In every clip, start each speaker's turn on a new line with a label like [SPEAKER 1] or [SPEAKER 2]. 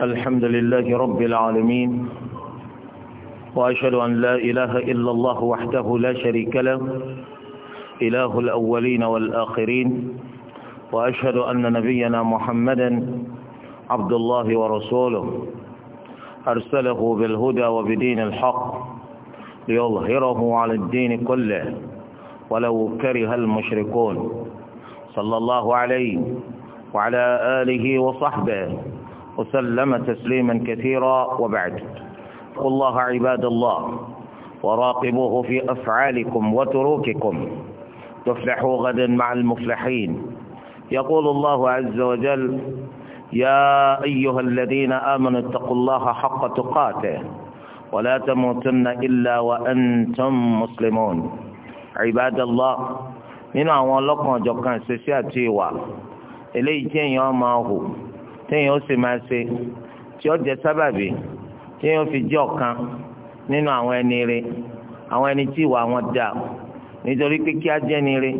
[SPEAKER 1] الحمد لله رب العالمين وأشهد أن لا إله إلا الله وحده لا شريك له إله الأولين والآخرين وأشهد أن نبينا محمدا عبد الله ورسوله أرسله بالهدى وبدين الحق ليظهره على الدين كله ولو كره المشركون صلى الله عليه وعلى آله وصحبه وسلم تسليما كثيرا وبعد اتقوا الله عباد الله وراقبوه في أفعالكم وتروككم تفلحوا غدا مع المفلحين يقول الله عز وجل يا أيها الذين آمنوا اتقوا الله حق تقاته ولا تموتن إلا وأنتم مسلمون عباد الله من أولكم جوكا سيسياتي و àti ìwà eléyìí téèyàn ó sì máa ṣe tí ó jẹ sábàbí téèyàn fi jẹ́ ọ̀kan nínú àwọn ẹni rẹ àwọn ẹni tí ìwà wọn dà nítorí pé kí á jẹ́ ni rẹ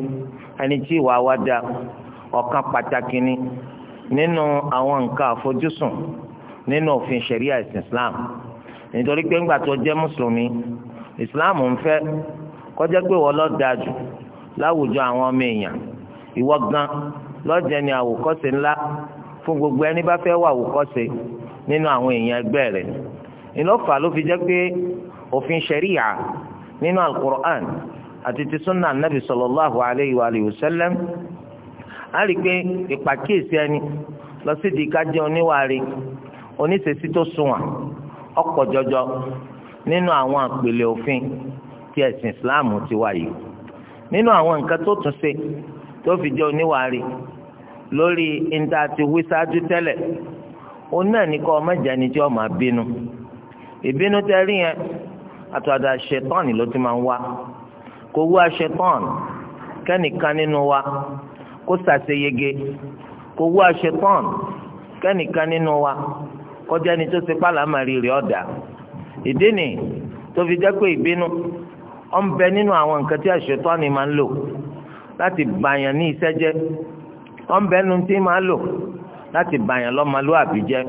[SPEAKER 1] ẹni tí ìwà wa dà ọ̀kan pàtàkì ni nínú àwọn nǹkan àfojúsùn nínú òfin ṣẹ̀ríà ìsìn Islam nítorí pé ńgbà tó jẹ́ mùsùlùmí Islam ń fẹ́ kó jẹ́ pé wọ́n ló dáa jù láwùjọ àwọn ọmọ èèyàn ìwọ gan ló ni àwòkọ́ṣe ńlá fún gbogbo ẹni bá fẹ́ wà wòkọ́ṣe nínú àwọn èèyàn ẹgbẹ́ rẹ̀ ìlọ́fà ló fi jẹ́ pé òfin ṣẹ̀ríyà nínú alukur'an àti ti sunna anabi sallallahu alayhi wa alihi wa sallam a rí i pé ìpàkíyèsí ẹni lọ sí di ká jẹ́ oníwàárí oníṣẹ́sí tó sunwọ̀n ọ̀pọ̀ jọjọ nínú àwọn àpèlè òfin tí ẹ̀sìn islam ti wáyé nínú àwọn nǹkan tó tún ṣe tó fi jẹ́ oníwàárí lórí níta ti wí sáájú tẹ́lẹ̀ òun náà ní kọ́ ọmọ ìjà ni tí ọmọ bínú ìbínú tẹ rí yẹn àtọ̀dà ṣetán ló ti máa ń wá kò wú aṣetán kẹ́nìkan nínú wa kó ṣàṣeyege kò wú aṣetán kẹ́nìkan nínú wa kọjá ni tó ṣe pàlámàrí rẹ̀ ọ̀dà ìdí ni tó fi jẹ́ pé ìbínú ó ń bẹ nínú àwọn nǹkan tí aṣetán máa ń lò láti bàyàn ní iṣẹ́ wọn bẹ nu tí máa lò láti bàyàn lọ́mọlúwàbí jẹ́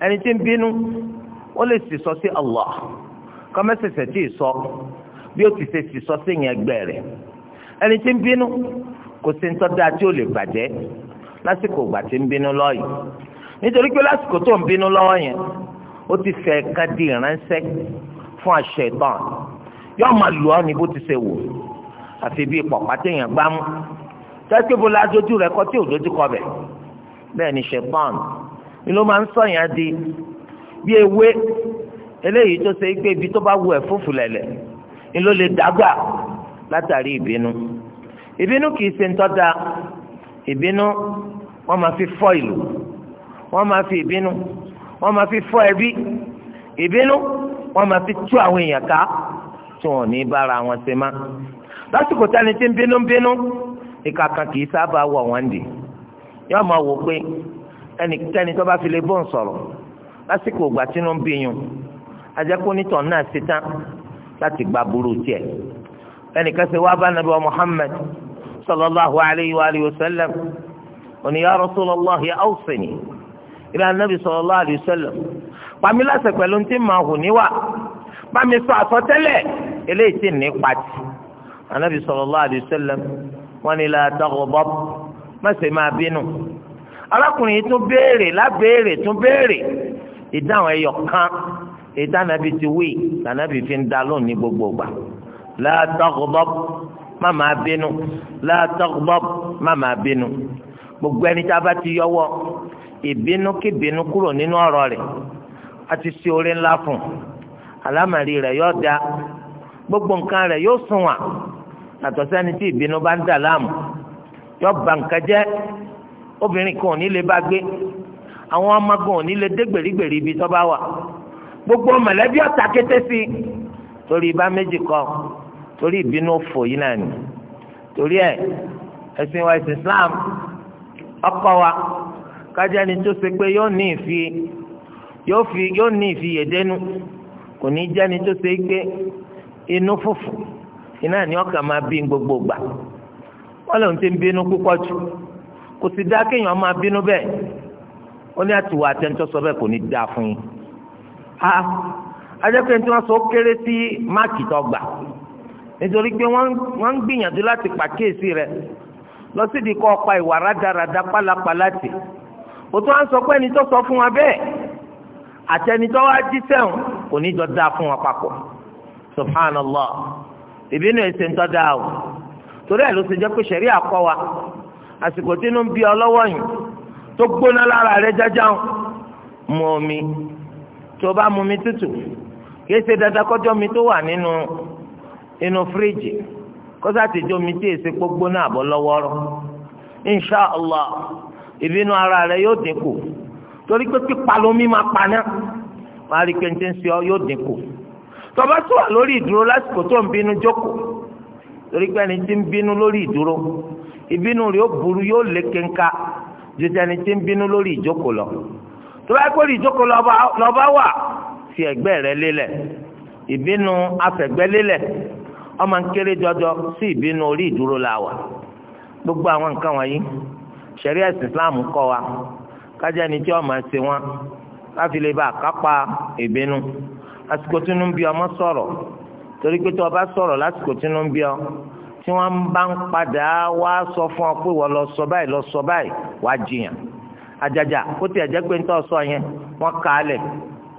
[SPEAKER 1] ẹni tí ń bínú ó lè sì sọ sí Allah kọ́mẹ́sẹ̀sẹ̀ tí ì sọ bí ó ti ṣe sì sọ sí yẹn ẹgbẹ́ rẹ̀ ẹni tí ń bínú kò sí ń tọ́da tí ó lè bàjẹ́ lásìkò ìgbà tí ń bínú lọ́yìn nítorí pé lásìkò tó ń bínú lọ́wọ́ yẹn ó ti fẹ́ ká di ìránṣẹ́ fún Ṣẹ̀tán yóò máa lù ọ́ ní bó ti ṣe wù àfi bí pọ̀pá téèyàn gbámú tẹ́síkébó la dojú rẹ̀ kọ́ tí ò dojú kọ bẹ̀ bẹ́ẹ̀ ni ṣẹ̀pọ́n ni ló máa ń sọ̀yàn di bí ewé eléyìí tó ṣe pé ibi tó bá wù ẹ̀ fúfù lẹ̀lẹ̀ ni ló lè dàgbà látàrí ìbínú ìbínú kì í ṣe ń tọ́da ìbínú wọ́n máa fi fọ́ ìlú wọ́n máa fi ìbínú wọ́n máa fi fọ́ ẹbí ìbínú wọ́n máa fi tú àwọn èèyàn ká tí wọ́n ní bára wọn ṣe má lásìkò tani tí ń bínú bínú ìka kan kì í sábà wọ̀ wọ́n dì yóò máa wò pé ẹnikẹ́ni tó bá fi lè bọ́ọ̀n sọ̀rọ̀ lásìkò ìgbà tínú ń bí yun ajẹ́kúnítọ̀ náà ṣetán láti gba burú tiẹ̀ ẹnìkan ṣe wá bá nàbí wa Muhammad sallallahu alayhi wa alihi wa sallam òní ya Rasulullah ya awsini ìlànà nàbí sallallahu alayhi wa sallam pàmí láṣẹ pẹ̀lú tí màá hù níwà pàmí sọ àsọtẹ́lẹ̀ eléyìí tí ní pàtì ànàbí sallallahu alayhi wa sallam wọ́n ní la taghdab má ṣe máa bínú arákùnrin yìí tún béèrè lábéèrè tún béèrè ìdáhùn ẹyọ kan ìdánabi ti wí ìdánabi fi ń da lónìí gbogbo gbà la taghdab má máa bínú la taghdab má máa bínú gbogbo ẹni tá a bá ti yọwọ́ ìbínú kí bínú kúrò nínú ọ̀rọ̀ rẹ̀ a ti ṣe oore ńlá fún un àlámàrí yóò da gbogbo nǹkan rẹ̀ yóò sunwọ̀n yàtọ̀ sẹ́ni tí ìbínú bá ń dà láàmú yọ ba nǹkan jẹ́ obìnrin kan ò ní lè bá gbé àwọn ọmọ gan ò ní lè dé gbèrígbèrí ibi tó bá wà gbogbo mọ̀lẹ́bí ọ̀tá kété sí i torí ibà méjì kọ torí ìbínú òfò yìí náà nì torí ẹ ẹ̀sìn wa ẹ̀sìn Islam ọkọ wa kájá ni tó ṣe pé yóò ní ìfi yóò fi yóò ní ìfiyèdénú kò ní jẹ́ni tó ṣe pé inú fùfù. iná ni ọkàn máa bí gbogbo gbà wọ́n lòun ti ń bínú púpọ̀ jù kò sì dá kéèyàn máa bínú bẹ́ẹ̀ ó ní àtiwọ́ àtẹnutọ́ sọ bẹ́ẹ̀ kò ní dáa fún yín a ajẹ́pẹ́ tí wọ́n sọ kéré sí máàkì tó gbà nítorí pé wọ́n ń gbìyànjú láti pàkíyèsí rẹ̀ lọ sí ìdíkọ́ ọ̀pá ìwà rádaràda tì sọ sọ fún wa bẹ́ẹ̀ àtẹnitọ́ wa jí sẹ́wọ̀n kò ní jọ dáa fún wa papọ̀ ìbínú ẹsẹ̀ ń tọ́da o torí ẹ̀ ló ṣe jẹ́ pé ṣẹ̀rí àkọ́ wa àsìkò tínú ń bí ọ lọ́wọ́ yìí tó gbóná lára rẹ jájá o mu omi tó bá mu omi tútù kìí ṣe dandan kọjọ́ omi tó wà nínú inú fíríjì kọ́sá ti jó omi tí èsì gbóná àbọ̀ insha allah ìbínú ara rẹ yóò dínkù torí pé pípa lomi máa paná wàá rí pé ní ti ń sọ yóò dínkù. tọba tó wà lórí ìdúró lásìkò tó ń bínú jókòó torí pé ẹni tí ń bínú lórí ìdúró ìbínú rẹ̀ ó burú yóò lé kéńká ju ti ẹni tí ń bínú lórí ìjókòó lọ tọba pé lórí ìjókòó lọba wà fi ẹ̀gbẹ́ rẹ̀ lélẹ̀ ìbínú afẹ̀gbẹ́ lélẹ̀ ọmọ nkéré jọjọ sí ìbínú orí ìdúró la wà gbogbo àwọn nǹkan wọ̀nyí ṣẹ̀ríà Islam kọ́ wa kájá ni tí ọmọ ẹsẹ̀ wọn láfi lè bá a kápá ìbínú àsìkò tí inú ń bí ọmọ sọ̀rọ̀ torí pé tí ọba sọ̀rọ̀ lásìkò tí inú ń bí ọ tí wọ́n bá ń padà wá sọ fún ọ pé wọ́n lọ sọ báyìí lọ sọ báyìí wàá jiyàn àjàjà ó ti ẹ̀jẹ̀ pé ń tọ́ sọ yẹn wọ́n kà á lẹ̀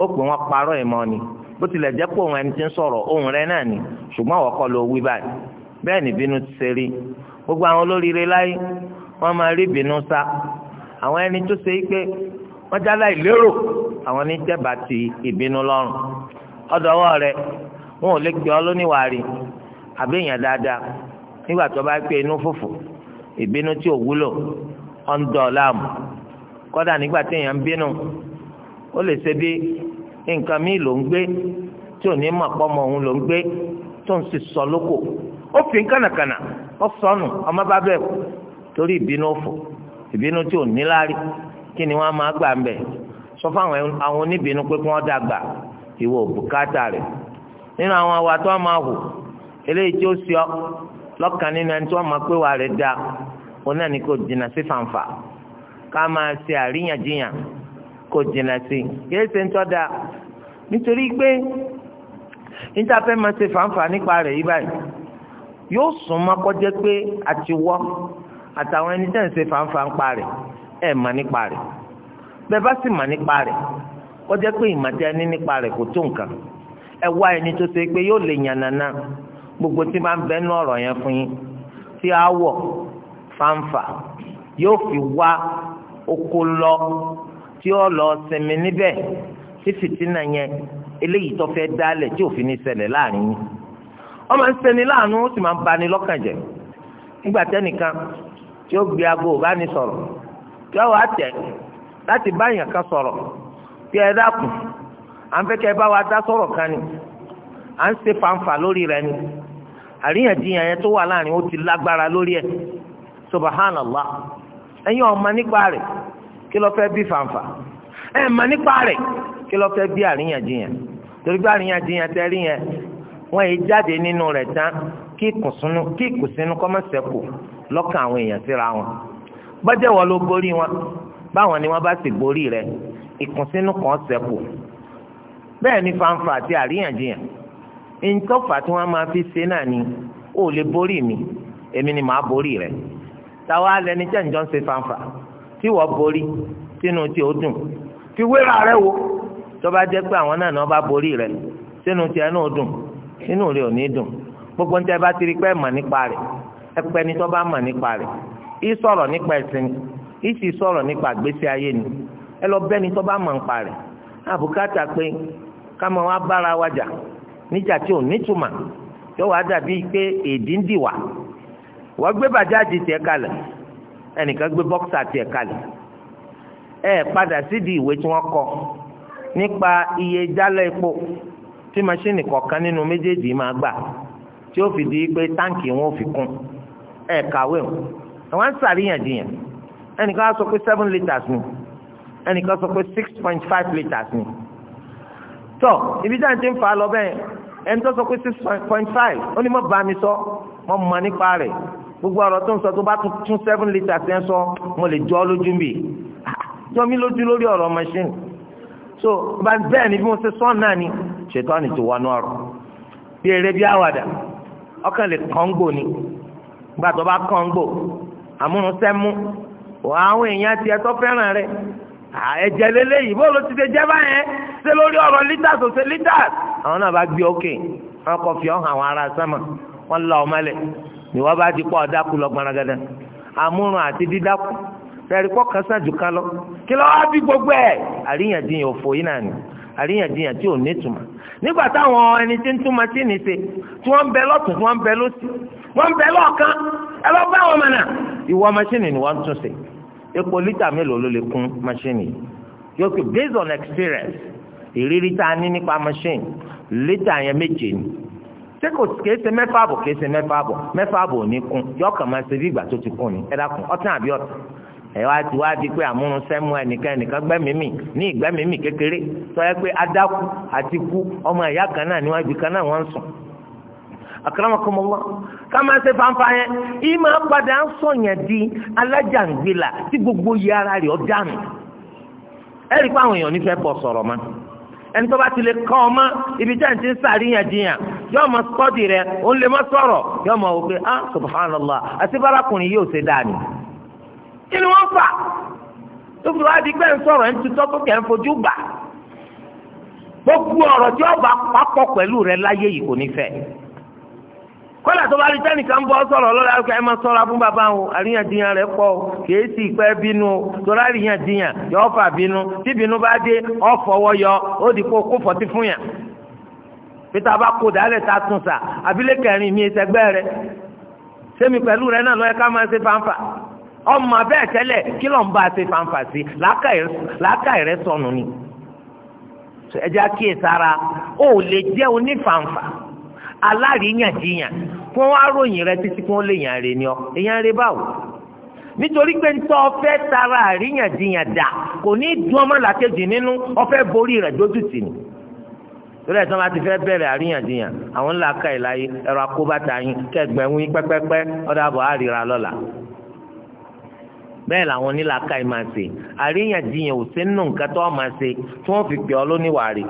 [SPEAKER 1] ó pè wọ́n parọ́ ẹ̀ mọ́ ni bó tilẹ̀ jẹ́ pé òun ẹni tí ń sọ̀rọ̀ ohun rẹ̀ náà ni ṣùgbọ́n àwọn kọ́ ló wí báyìí bẹ́ẹ̀ ni bínú ti ṣe rí gbogbo àwọn olóríire láyé wọ́n máa rí bínú sá àwọn ẹni tó ṣe é pé wọ́n já láì lérò àwọn oníjẹba ti ìbínú lọ́rùn ọdọọwọ rẹ wọn ò lè gbé ọ lóníwàárí àbí dáadáa nígbà tó bá pé inú fùfù ìbínú tí ò wúlò ọ ń dọ̀ láàmú nígbà tí èèyàn ń bínú ó lè ṣe bí nǹkan míì ló ń gbé tí ò ní òun sọ lóko ó fi kànàkànà ó sọnù ọmọ bá bẹ̀ torí ìbínú ìbínú tí ò kí ni wọ́n máa gbà ń bẹ̀ sọ fáwọn àwọn oníbínú pé kí wọ́n dàgbà ìwọ bùkátà rẹ̀ nínú àwọn àwa tó máa hù eléyìí tí ó sì ọ lọ́kàn nínú ẹni tí wọ́n máa pé wà rẹ̀ da òun náà ni kò jìnnà sí fàǹfà ká máa ṣe àríyànjiyàn kò jìnnà sí kí ẹ ṣe ń tọ́ da nítorí pé níta máa ṣe fàǹfà nípa rẹ̀ yìí báyìí yóò sún mọ́ kọjá pé àtiwọ́ àtàwọn ẹni tẹ́ ń ṣe fàǹfà ń pa ẹ mà nípa rẹ bẹ́ẹ̀ bá sì mà nípa rẹ̀ kọjá pé ìmọ̀tẹ́ ẹni nípa rẹ̀ kò tó nǹkan ẹ wá ẹni tó ṣe pé yóò lè gbogbo tí máa ń bẹ nú ọ̀rọ̀ yẹn fún yín tí a wọ̀ fáńfà yóò fi wá oko lọ tí ó lọ sinmi níbẹ̀ tí fìtínà yẹn eléyìí tó fẹ́ dálẹ̀ tí òfin ní ṣẹlẹ̀ láàrin yín wọ́n máa ń ṣeni láàánú ó sì máa ń bani nígbà tí ó gbé aago ò bá ní yóò wá láti lati kan sọrọ bí ẹ dákun à ń fẹ́ kẹ́ bá wa dá sọ̀rọ̀ kan ni à ń ṣe fanfa lórí rẹ ni àríyànjiyàn yẹn tó wà láàrin ó ti lágbára lórí ẹ subhanallah ẹ̀yin nípa fanfa ma nípa rẹ kí ló fẹ́ bí àríyànjiyàn torí bí àríyànjiyàn tẹ́ rí yẹn wọ́n yìí jáde nínú tán kí kọ́ lọ́kàn àwọn èèyàn síra wọn. bọ́jẹ́ wọ́n ló borí wọn báwọn ni wọ́n bá sì borí rẹ̀ ìkùnsínú kan ṣẹ́kù bẹ́ẹ̀ ni fanfa àti àríyànjiyàn ntọ́fà tí wọ́n máa fi ṣe náà ni ó lè borí mi èmi ni màá borí rẹ̀ táwa lẹni tẹ́ ǹjọ́ ń ṣe fanfa tí wọ́n borí sínú tí ó dùn fi wéra rẹ wo tó bá jẹ́ pé àwọn náà ni wọ́n bá borí rẹ̀ sínú tí ẹ náà dùn sínú rẹ̀ ò ní dùn gbogbo ń tẹ́ bá ti rí pé ẹ̀ mọ̀ nípa rẹ̀ ẹ pẹ́ni tó bá mọ̀ nípa rẹ̀ í sọ̀rọ̀ nípa ẹ̀sìn isi sì sọ̀rọ̀ nípa àgbésí ayé ni ẹ lọ bẹ́ni tó bá mọ̀ ń parẹ̀ àbùkátà pé ká máa wá bára wa jà níjà tí ò nítumà yóò wá dàbí pé èdè gbe dìwà wọ́n gbé bàjáàjì tiẹ̀ kalẹ̀ ẹnìkan gbé bọ́ksà tiẹ̀ kalẹ̀ ẹ padà sídìí ìwé tí wọ́n kọ nípa iye jálẹ̀ epo tí masíìnì kọ̀ọ̀kan nínú méjèèjì máa gbà tí ó fi di pé táǹkì wọn ò fi kún ẹ kàwé o. àwọn ń sàríyànjiyàn ẹnìkan á sọ pé seven litres ni ẹnìkan sọ pé six point five litres ni tọ ibi táwọn ti ń fa lọ bẹ́ẹ̀ ẹni tó sọ pé six point five ó ní mo bá mi sọ mo mọ nípa rẹ̀ gbogbo ọ̀rọ̀ tó ń sọ tó bá tún seven litres ẹ̀ ń sọ mo lè jọ́ lójú mi jọ mí lójú lórí ọ̀rọ̀ machine so bá bẹ́ẹ̀ ni bí mo ṣe sọ náà ni ṣètò àná ti wọnú ọ̀rọ̀ bí eré bí àwàdà ọkàn lè kàn ń gbò ni gbàtọ́ bá kàn ń gbò Amụrụ àwọn èèyàn ti ẹ̀tọ́ fẹ́ràn rẹ̀ ẹ̀jẹ̀ lélẹ́yìí bó ló ti ṣe jẹ́ báyẹn ṣé lórí ọ̀rọ̀ litres ò ṣe litres àwọn náà bá gbé òkè wọn kọ fi ọ̀hún àwọn ará wọn la ọmọ lẹ̀ ìwọ bá ti pọ̀ lọ gbaragada àti dídáku pọ̀ kásá jù gbogbo ẹ̀ àríyànjiyàn òfò yìí náà ni àríyànjiyàn tí ò ní ìtumọ̀ nígbà táwọn ẹni tí ń túmọ̀ ní ṣe tí wọ́n ń wọ́n bẹ̀ lọ́ọ̀kan bá wọn mọ̀nà. ìwọ machine ni wọ́n tún epo lítà mélòó ló lè kún machine based on experience ìrírí tá a ní nípa machine lítà yẹn méje ni ṣé kò ṣe mẹ́fà ṣe mẹ́fà mẹ́fà ní kún kàn máa ṣe bí ti kún ni ẹ dákun ọtún àbí ọtún ẹ wá ti wá di pé àmúrun ẹnìkan ẹnìkan ní kékeré tó yẹ pé akramakumullah ká máa se fanfa di gbogbo ẹni tó bá ọ ibi tí a ti ń sàríyànjiyàn yóò mọ sọ́ọ̀dì rẹ̀ ó lè mọ́ yóò wípé ah subhanallah àti bárakùnrin yóò ṣe dáa ni. kí ni wọ́n fà tó fi wá di pé ń sọ̀rọ̀ ń tutọ́ tó kẹ́ ń fojú gbà gbogbo ọ̀rọ̀ tí ọba papọ̀ pẹ̀lú láyé kọ́lá tó bá rí tẹ́nìkan bọ́ sọ̀rọ̀ lọ́la ẹ̀ máa sọ̀rọ̀ fún bàbá wọn àríyànjiyàn rẹ̀ pọ̀ kìí sì pẹ́ bínú torí àríyànjiyàn yọ fà bínú tí bínú bá dé ọ̀fọwọ́ yọ ó di kó kó fọ́tí fún yàn pété a bá kó dálẹ̀ ta tún sà abilé kẹrin mi ìsẹgbẹ́ rẹ sẹ́mi pẹ̀lú rẹ náà lọ́yẹ ká máa ṣe fanfa ọmọ bẹ́ẹ̀ tẹ́lẹ̀ kí ló bá ṣe fanfa sí làákàyè rẹ sọnù ni ẹja kíyèsára ó lè jẹ́ onífanfa aláríyànjiyàn kí wọ́n wá ròyìn rẹ títí kí wọ́n lè yàn rè ni ọ èèyàn rè báwo nítorí pé ntọ́ ọfẹ́ tara àríyànjiyàn dà kò ní dùn ọmọ làkejì nínú ọfẹ́ borí rẹ̀ dójú tì ní torí ẹ̀sán láti fẹ́ bẹ̀rẹ̀ àríyànjiyàn àwọn ńlá ka ìlà yìí ẹ̀rọ akóbátà yín kẹgbẹ̀rún yín pẹ́pẹ́pẹ́ ọ̀dàbọ̀ àríra lọ́la bẹ́ẹ̀ làwọn onílà ka ìmà ṣe àríyànjiyàn ò sí nínú nǹkan tó ọmọ ṣe tí wọ́n fi pè ọ́ lóníwàárí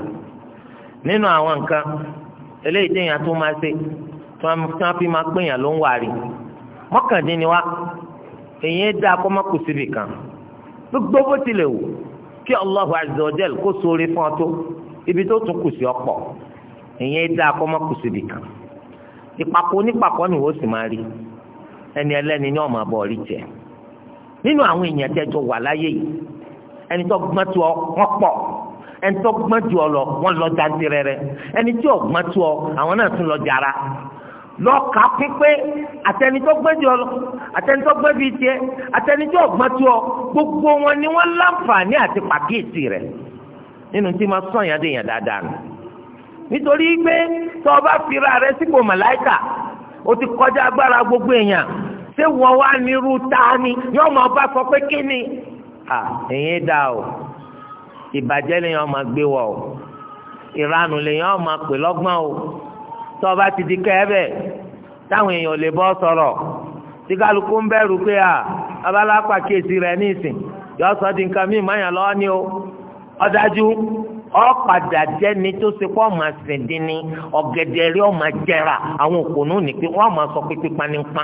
[SPEAKER 1] nínú àwọn nǹkan eléyìí téèyàn tó máa ṣe tí wọ́n fi máa péyàn ló ń wà rí mọ́kàndínníwá èyàn dá akọ́mọ́kù síbi kan gbogbo bó tilẹ̀ wù kí Allahu azza wa jal kó sóore fún ọ tó ibi tó tún kù sí ọ̀pọ̀ èyàn dá akọ́mọ́kù síbi kan ìpapò onípapọ̀ ni wọ́n sì máa rí ẹni ẹlẹ́ni ní ọmọ àbọ̀ rí jẹ nínú àwọn èèyàn tẹ́jọ wà láyé yìí ẹni tó gbọ́n tó ọ pọ̀ ẹni tó ọ lọ wọ́n lọ jáde rẹ̀ àwọn náà tún lọ jàrá lọ́ọ̀ka pípé àtẹnitọ́ gbẹ́jọ lọ àtẹnitọ́ gbogbo wọn ni wọ́n láǹfààní àti pàkíyèsí rẹ. nínú tí ma sọ yàn dé yàn dáadáa nù. nítorí pé tó fira rẹ sípò o ti kọjá agbára gbogbo èèyàn ṣé wá ni sọ pé à èyí o ìbàjẹ́ lèyàn ọmọ gbé wọ̀ o ìranù lèyàn ọmọ pè lọ́gbọ́n o tó o ti di kẹ́ẹ́bẹ̀ táwọn èèyàn lè bọ́ sọ̀rọ̀ tí kálukú ń bẹ̀rù pé à abala pàkíyèsí rẹ̀ ní ìsìn yọ sọ di nǹkan míì mọ́yàn lọ́wọ́ ni o ọ̀dájú ọ̀padà tó ṣe kó ọmọ ọ̀gẹ̀dẹ̀ rí ọmọ àwọn òkùnú ní pé wọ́n máa sọ pé pípa ní pa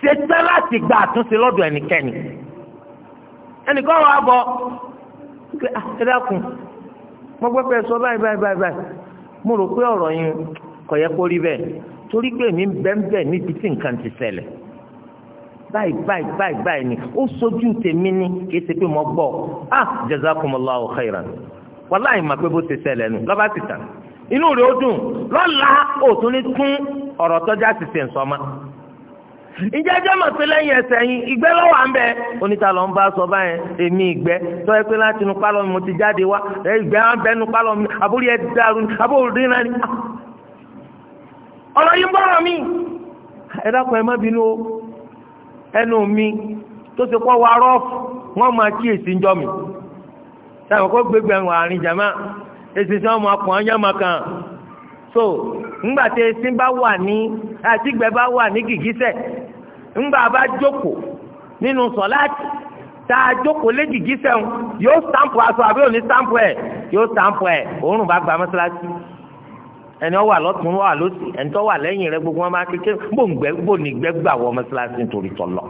[SPEAKER 1] ṣe láti gba àtúnṣe lọ́dọ̀ ẹnikẹ́ni. ẹnìkan wà bọ̀ ah, ẹ dákun mo gbọ́ pé sọ báyìí báyìí báyìí báyìí mo rò pé ọ̀rọ̀ yẹn kò yẹ kó rí bẹ́ẹ̀ torí pé mi bẹ́ẹ̀ níbi tí nǹkan ti ṣẹlẹ̀ báyìí báyìí báyìí báyìí ni ó sojú tèmi ni kì í ṣe pé mo gbọ́ ah jazakumullahu khairan wàláì mà pé bó ti ṣẹlẹ̀ nù lọ́ba ti tàn inú rẹ̀ ó dùn lọ́la òtún ní tún ọ̀rọ̀ ti ṣe ń sọ ma. ǹjẹ́ ẹjọ́ mọ̀ pé lẹ́yìn ẹsẹ̀ yín ìgbẹ́ lọ́wọ́ à ń bẹ̀ oníta ló ń bá sọ báyẹn èmi ìgbẹ́ tọ́ ẹ pé láti mo ti jáde wá ìgbẹ́ à ń bẹ inú pálọ̀ mi àbúrí dàrú ni àbúrò dín náà ni. ọ̀rọ̀ yìí ń mi ẹ dákun ẹ má bínú o so ńgbà tí esin bá wà ní àtìgbẹ́ bá wà ní gìgísẹ̀ ńgbà bá jókòó nínú sọ̀láàtì tá a jókòó lé gìgísẹ̀ ń yóò stampu aṣọ àbí òní stampu ẹ̀ yóò stampu ẹ̀ òórùn bá gba mọ́ṣáláṣí ẹni ó wà lọ́tún wà lósì ẹni tó wà lẹ́yìn rẹ̀ gbogbo wọn máa kékeré gbòǹgbẹ gbòǹgbẹ gbà wọ mọ́ṣáláṣí nítorí tọ̀lọ̀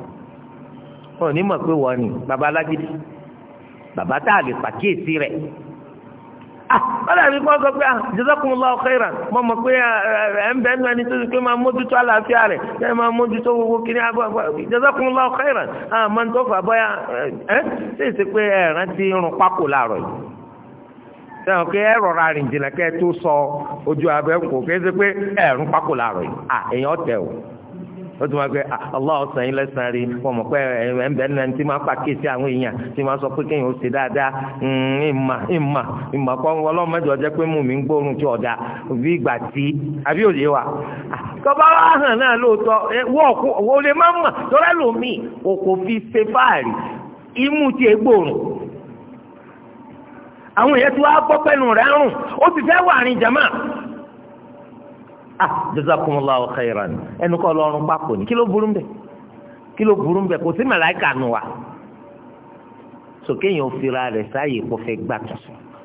[SPEAKER 1] òní mọ̀ pé wọ́n ni baba alágídí baba tá a lè pàkíyèsí rẹ̀ Ah, wọ́n dàbí kí wọ́n sọ pé ah, jazakumullahu khairan mo mọ̀ pé ah, ẹ̀ ń bẹ́ẹ̀ ní tó ti pé máa mójútó àlàáfíà rẹ̀ ẹ̀ máa mójútó gbogbo kiri agbábọ̀ jazakumullahu khairan àmọ́ tó fà bọ́yá ẹ̀ é ṣe pé ẹ̀ rántí irun pákó láàárọ̀ yìí sẹ́wọ̀n pé ẹ rọra rìn jìnnà kẹ́ ẹ tó sọ ojú abẹ́ kò kí ẹ ṣe pé ẹ̀rún pákó láàárọ̀ yìí à èèyàn tẹ̀ o. ó tún wá pé ah, Allah ọ̀sán yín lẹ́sàn-án rí wọn mọ̀ pé eh, ẹ̀ńbẹ́ náà ti máa pàkíyèsí àwọn èèyàn máa sọ pé kéèyàn ó ṣe dáadáa hmm, ìmà ìmà ìmà kọ́ ọlọ́mọdé ọjọ́ pé mú mi ń gbóòórùn tí ọ̀dà bí ìgbà tí àbí wa ah, tọ́ba wa hàn náà lóòótọ́ eh, wọ́ọ̀kú òun lè má mà tọ́lá kò fi ṣe fáàrí imú ti àwọn èèyàn ti wá gbọ́ pẹ́nu rẹ̀ rùn ó fẹ́ wà ní ah jazakumullahu khairan ẹnu kọ́ lọ́rùn pákó ni kí ló burú mbẹ kí ló burú mbẹ kò sí màláìka nù wa sókè yẹn ò fira rẹ̀ sáàyè kó fẹ́ gbà tó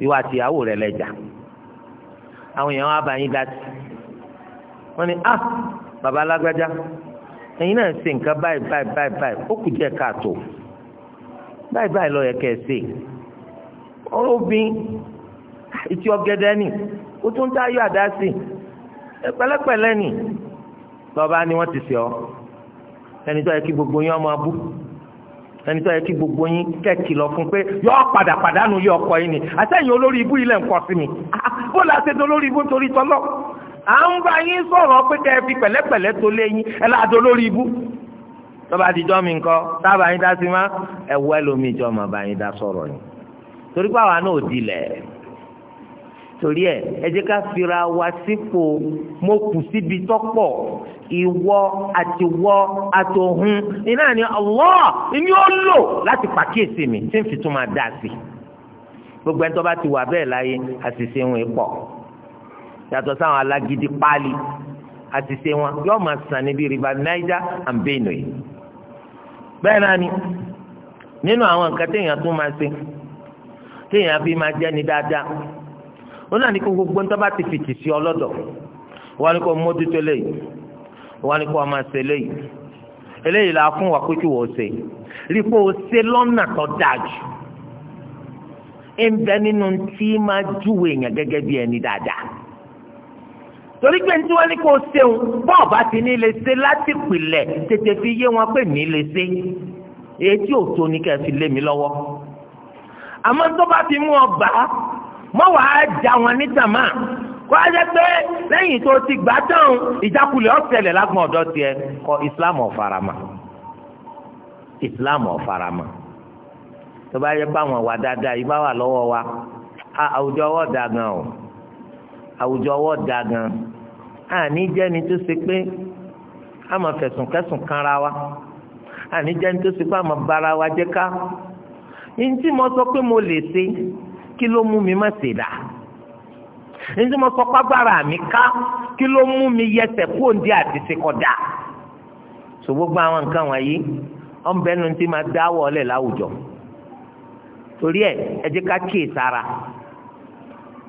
[SPEAKER 1] ìwà àtìyàwó rẹ̀ lẹ́jà àwọn èèyàn wá bá yín dá sí ah bàbá alágbájá ẹ̀yin náà ṣe nǹkan báyìí báyìí báyìí báyìí ó kù díẹ̀ káàtó báyìí báyìí lọ yẹ kẹ́ ẹ ṣe ọ̀rọ̀ obìnrin ìtì ọ̀gẹ̀dẹ̀ ni ó tún tá ayọ̀ àdá sí i pẹ̀lẹ́pẹ̀lẹ́ nì lọba ni wọ́n ti sè ọ ẹni tó yẹ kí gbogbo yín ọmọ abú ẹni tó yẹ kí gbogbo yín kẹkì lọ fún pé yọ padà pàdánù yọ ọkọ yín ni àtẹ̀yìn olórí ibú ilẹ̀ ń kọ sí mi bó la ṣe dolórí ibú torí tọlọ à ń bá yín sọ̀rọ̀ pé kẹ́ ẹ fi pẹ̀lẹ́pẹ̀lẹ́ tó lé yín ẹ láàdó lórí ibú lọba àdìjọ́ mi nǹkan táàbà yín dá sí ma ẹ̀wọ́ ẹlòmíì jọ́ màbá yín dá sọ̀rọ̀ yín torí pé àwa náà ò dilẹ̀ torí ẹ ẹ jẹ́ ká fira wa sípò mo kù síbi tọ́pọ̀ ìwọ àti wọ àtòhun iná ni Allah ni ó lò láti pàkíyèsí mi tí n fi tún máa dá sí i gbogbo ẹni tó bá ti wà bẹ́ẹ̀ láyé àṣìṣe wọn pọ̀ yàtọ̀ sáwọn alágídí páálí àṣìṣe wọn yóò máa sàn níbi river Niger and Benue bẹ́ẹ̀ náà ni nínú àwọn nǹkan téèyàn tún máa ṣe téèyàn fi máa jẹ́ni dáadáa ó náà ní kó gbogbo nítorí bá ti fìtì sí ọlọ́dọ̀ wọ́n ní kó mójútó léyìí wọ́n ní kó ọmọ ṣe léyìí eléyìí la fún wa pé kí wọ́n ṣe rí pé o ṣe lọ́nà tó dáa jù ń bẹ nínú tí máa júwe èèyàn gẹ́gẹ́ bí ẹni dáadáa torí pé ní tí wọ́n ní kó ṣeun bọ́ọ̀ bá ti ní lè ṣe láti pìlẹ̀ tètè fi yé wọn pé mi lè ṣe èyí tí ò tó ní kẹ́ fi lé mi lọ́wọ́ àmọ́ tó bá fi mú ọ gbà mọ́ wàá já wọn ní jàmá kó a jẹ pé lẹ́yìn tó ti gbà tán ìjákulẹ̀ ọ̀sẹ̀lẹ̀ lágbọ̀n ọ̀dọ́ tiẹ̀ kọ islam ọ̀farama islam ọ̀farama tó bá yẹ pé àwọn wà dáadáa yìí bá wà lọ́wọ́ wa àwùjọ ọwọ́ da gan o àwùjọ ọwọ́ da gan àní jẹ́ni tó ṣe pé a máa fẹ̀sùn kẹ́sùn kanra wa àní jẹ́ni tó ṣe pé a máa bára wa jẹ́ ká ní tí mo sọ pé mo lè ṣe kí ló mú mi má ṣe dà nítorí mo sọ pàgbára mi ká kí ló mú mi yẹsẹ̀ kóńdé àti sekọ̀dà so gbogbo àwọn nǹkan wọ̀nyí ọ̀nbẹ́nu ti máa dáwọ́ ọ̀lẹ̀ láwùjọ torí ẹ ẹ jẹ́ ká kíyè sára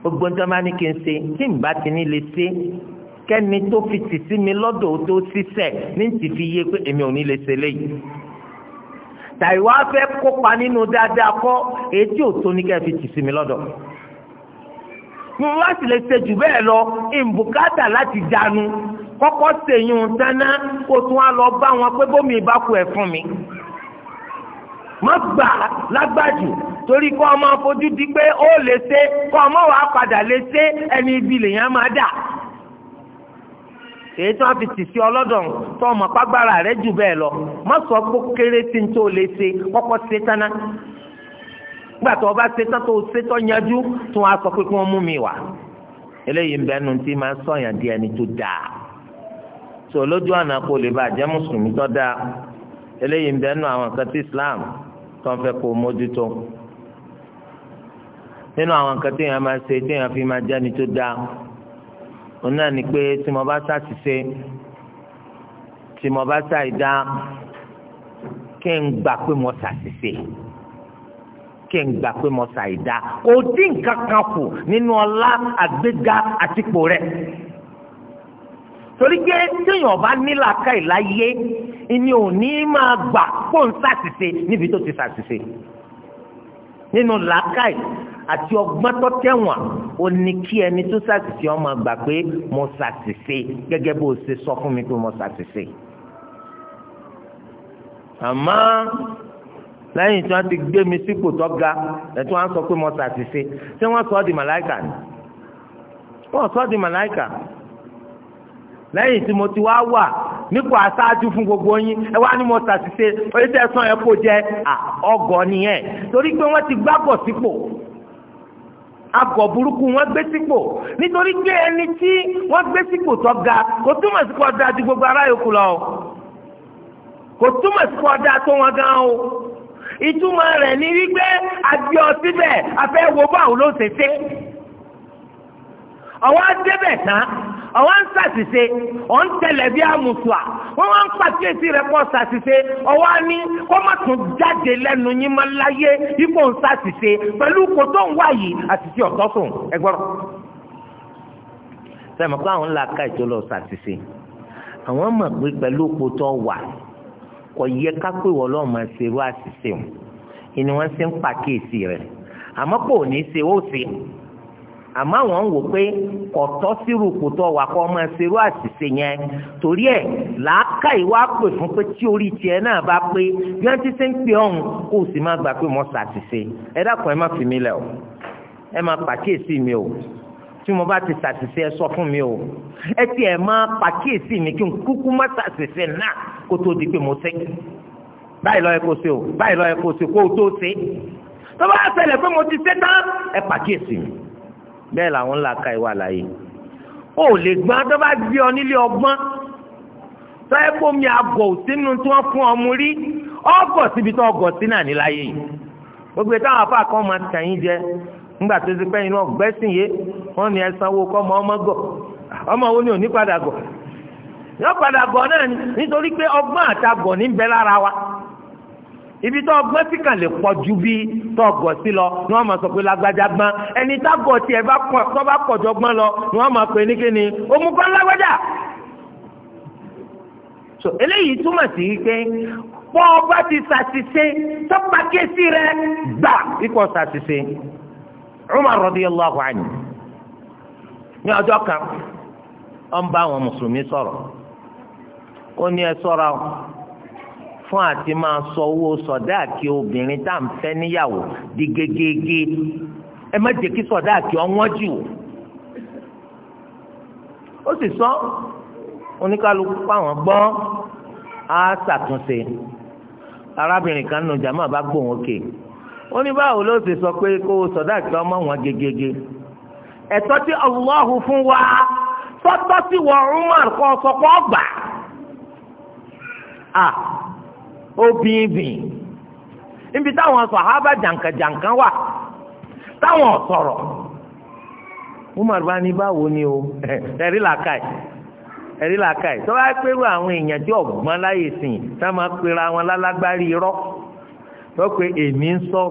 [SPEAKER 1] gbogbo ń tọ́ba ní kí n ṣe tí n bá ti ní lè ṣe kẹ́ni tó fi tì sí mi lọ́dọ̀ tó ṣiṣẹ́ ní ti fi yé pé èmi ò ní lè ṣe léyìí tàìwá fẹ́ kópa nínú dáadáa kọ́ èyí tí ò tó ní kẹ́ fi tì sí mi lọ́dọ̀ mo wá sì lè ṣe jù bẹ́ẹ̀ lọ ìbùkátà láti dànù kọ́kọ́ ṣèyún tánná kó tún á lọ bá wọn pé bómi ìbá ẹ̀ fún mi má gbà lágbàjù torí kọ́ ọ máa di pé ó lè ṣe kọ́ ọ wàá padà lè ṣe ẹni ibi lèèyàn máa dà èyí tí wọ́n fi tì sí ọlọ́dọ̀ tó ọmọ pàgbára rẹ̀ jù bẹ́ẹ̀ lọ má sọ pé kéré tí n tó lè ṣe kọ́kọ́ ṣe tánná nígbà tó o bá ṣe tán tó o ṣe tán yanjú tó wọ́n á sọ pé kí wọ́n mú mi wá eléyìí ń bẹnu tí máa sọyàn di ẹni tó dáa tó lójú àná kó lè bá jẹ́ mùsùlùmí tó dáa eléyìí ń bẹnu àwọn nǹkan tí Islam tó ń fẹ́ kó mójútó nínú àwọn nǹkan tí èèyàn máa ṣe tí èèyàn fi máa jẹ́ ẹni tó dáa òun náà ni pé tí mo bá ṣàṣìṣe tí mo bá ṣàìdá kí n gbà pé mo ṣàṣìṣe kí n gbà pé mo ṣàìdá kò dín nǹkan kan kù nínú ọlá àgbéga àtìpó rẹ torí pé téèyàn bá nílàáká ìláyé ìní ò ní máa gbà kó n ṣàṣìṣe níbi tó ti ṣàṣìṣe nínú làákàyè àti ọgbọ́n tó tẹ̀wọ̀n ó ní kí ẹni tó ṣàṣìṣe ọmọ gbà pé mo ṣàṣìṣe gẹ́gẹ́ bó o ṣe sọ fún mi pé mo ṣàṣìṣe. àmọ́ lẹ́yìn tí wọ́n ti gbé mi sípò tó ga ẹ̀tún wọn sọ pé mo ṣàṣìṣe ṣé wọ́n sọ ọ́ di màláìkà ni wọ́n sọ ọ́ di màláìkà lẹ́yìn tí mo ti wá wà nípò aṣáájú fún gbogbo yín ẹ wá ní mo ṣàṣìṣe oríṣi ẹ̀sán ẹ̀ kò jẹ́ ọgọ̀ nìyẹn torí pé wọ́n ti gbàgbọ́ sípò agọ̀ burúkú wọ́n gbé sípò nítorí pé ẹni tí wọ́n gbé sípò tó ga kò túmọ̀ sí kó da ju gbogbo ará yòókù lọ kò túmọ̀ sí kó da tó wọn gan o ìtumọ̀ rẹ̀ ni wípé àbí ọtí bẹ́ẹ̀ afẹ́ wo báwo ló ṣe ṣe ọwọ́ débẹ̀ tán ọwọ́ ń ṣàṣìṣe ọ̀n tẹ̀lẹ̀ bí amùsùà wọ́n wá ń pàkíyèsí rẹ̀ pọ̀ ṣàṣìṣe ọwọ́ ní kó má tún jáde lẹ́nu yín má láyé ipò ń ṣàṣìṣe pẹ̀lú kò tó ń wá yìí àṣìṣe ọ̀tọ̀ sùn ẹgbọ́rọ̀. sẹ́mi pé àwọn ńlá ká ìjọ lọ ṣàṣìṣe àwọn mọ̀ pé pẹ̀lú kò tó wà kò yẹ ká pé wọ́n lọ́ọ́ máa ṣerú àṣìṣe àmọ́ àwọn ń wò pé kọ̀tọ́ sírù kòtọ́ wà kọ́ ọmọ ṣerú àṣìṣe yẹn torí ẹ̀ làákà ìwà pè fún pé tí orí tiẹ̀ náà bá pé bí wọ́n ti ṣe ń pè ọ̀hún kó o sì máa gbà pé mo ṣàṣìṣe ẹ dákun ẹ má fi mi lẹ̀ o ẹ má pàkíyèsí mi o tí mo bá ti ṣàṣìṣe ẹ sọ fún mi o ẹ tiẹ̀ má pàkíyèsí mi kí n kúkú má ṣàṣìṣe náà kó tó di pé mo ṣe báyìí lọ́ọ́ yẹ kó ṣe o báyìí lọ́ọ́ yẹ kó ṣe kó o tó ṣe bẹ́ẹ̀ làwọn ńlá ka ìwà láàyè o lè gbọ́n tó bá gbé ọ nílé ọgbọ́n tó ẹ bómi àgọ̀ sínú tí wọ́n fún ọmú rí ọgọ̀ síbi tó ọgọ̀ sí gbogbo kan máa yín jẹ nígbà tó ti pẹ́ inú ọgbẹ́sìn yé wọ́n ní ẹ sanwó kọ́ ni ò ní padà gọ̀ yọ padà gọ̀ náà nítorí pé ọgbọ́n àtagọ̀ ní lára ibi tó ọgbọ́n tí kàn lè pọ̀ ju bí tó ọgọ̀ sí lọ ni wọ́n máa sọ pé lágbájá gbọ́n ẹni tágọ̀ tiẹ̀ tó bá pọ̀ jọ gbọ́n lọ ni wọ́n máa pè ní kíni òmùgbọ́n lágbájá. so eléyìí túmọ̀ sí pé pọ́ ọba ti ṣàṣìṣe tó pa kéésì rẹ̀ gbà ikọ̀ ṣàṣìṣe. Umar radiyallahu anhu ní ọjọ́ kan ó ń bá àwọn mùsùlùmí sọ̀rọ̀ ó ní ẹ sọ́ra ọ́ fún àti máa sọ owó sọdáàkì obìnrin tá à ń fẹ́ níyàwó di gegege ẹ má jẹ́ kí sọdáàkì ọ̀wọ́n jù ó sì sọ oníkálukú pàwọn gbọ́ á ṣàtúnṣe arábìnrin kan nù jàmá bá gbóhùn òkè ó ní báwo ló sì sọ pé kó sọdáàkì ọmọ wọn gegege ẹ̀tọ́ tí Allahu fún wa sọ́tọ́ sí wọ́n Umar kọ́ sọ́kọ́ gbà. obìnrin níbi táwọn sàhábà jàǹkàjàǹkàn wà táwọn sọ̀rọ̀ umar bá ní báwo ni o ẹ̀rí làákàyè ẹ̀rí làákàyè tó bá pẹ̀lú àwọn èèyàn tí ọ̀gbọ́n láyè sìn tá máa pera wọn lálágbárí irọ́ tó pé èmi ń sọ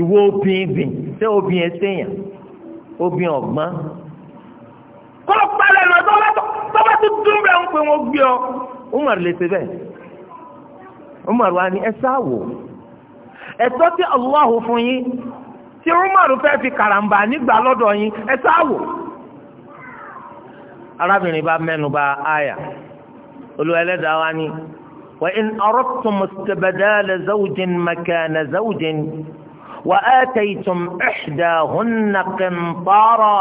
[SPEAKER 1] ìwọ obìnrin ṣé obìnrin ṣèyàn obìnrin ọ̀gbọ́n kọ́ pálẹ̀ lọ tó bá tó dúró ń pè wọ́n gbé ọ umar lè ṣe bẹ́ẹ̀. umaru wa ni ẹsáwò ẹ̀tọ́ tí Allah fún yín tí umaru fẹ́ fi karambà nígbà lọ́dọ̀ yín ẹsáwò. sáwò. arábìnrin bá mẹ́nu bà àyà olú ẹlẹ́dàá wa ni wa in aradtum istabdala zawjin makana zawjin. وآتيتم إحداهن قنطارا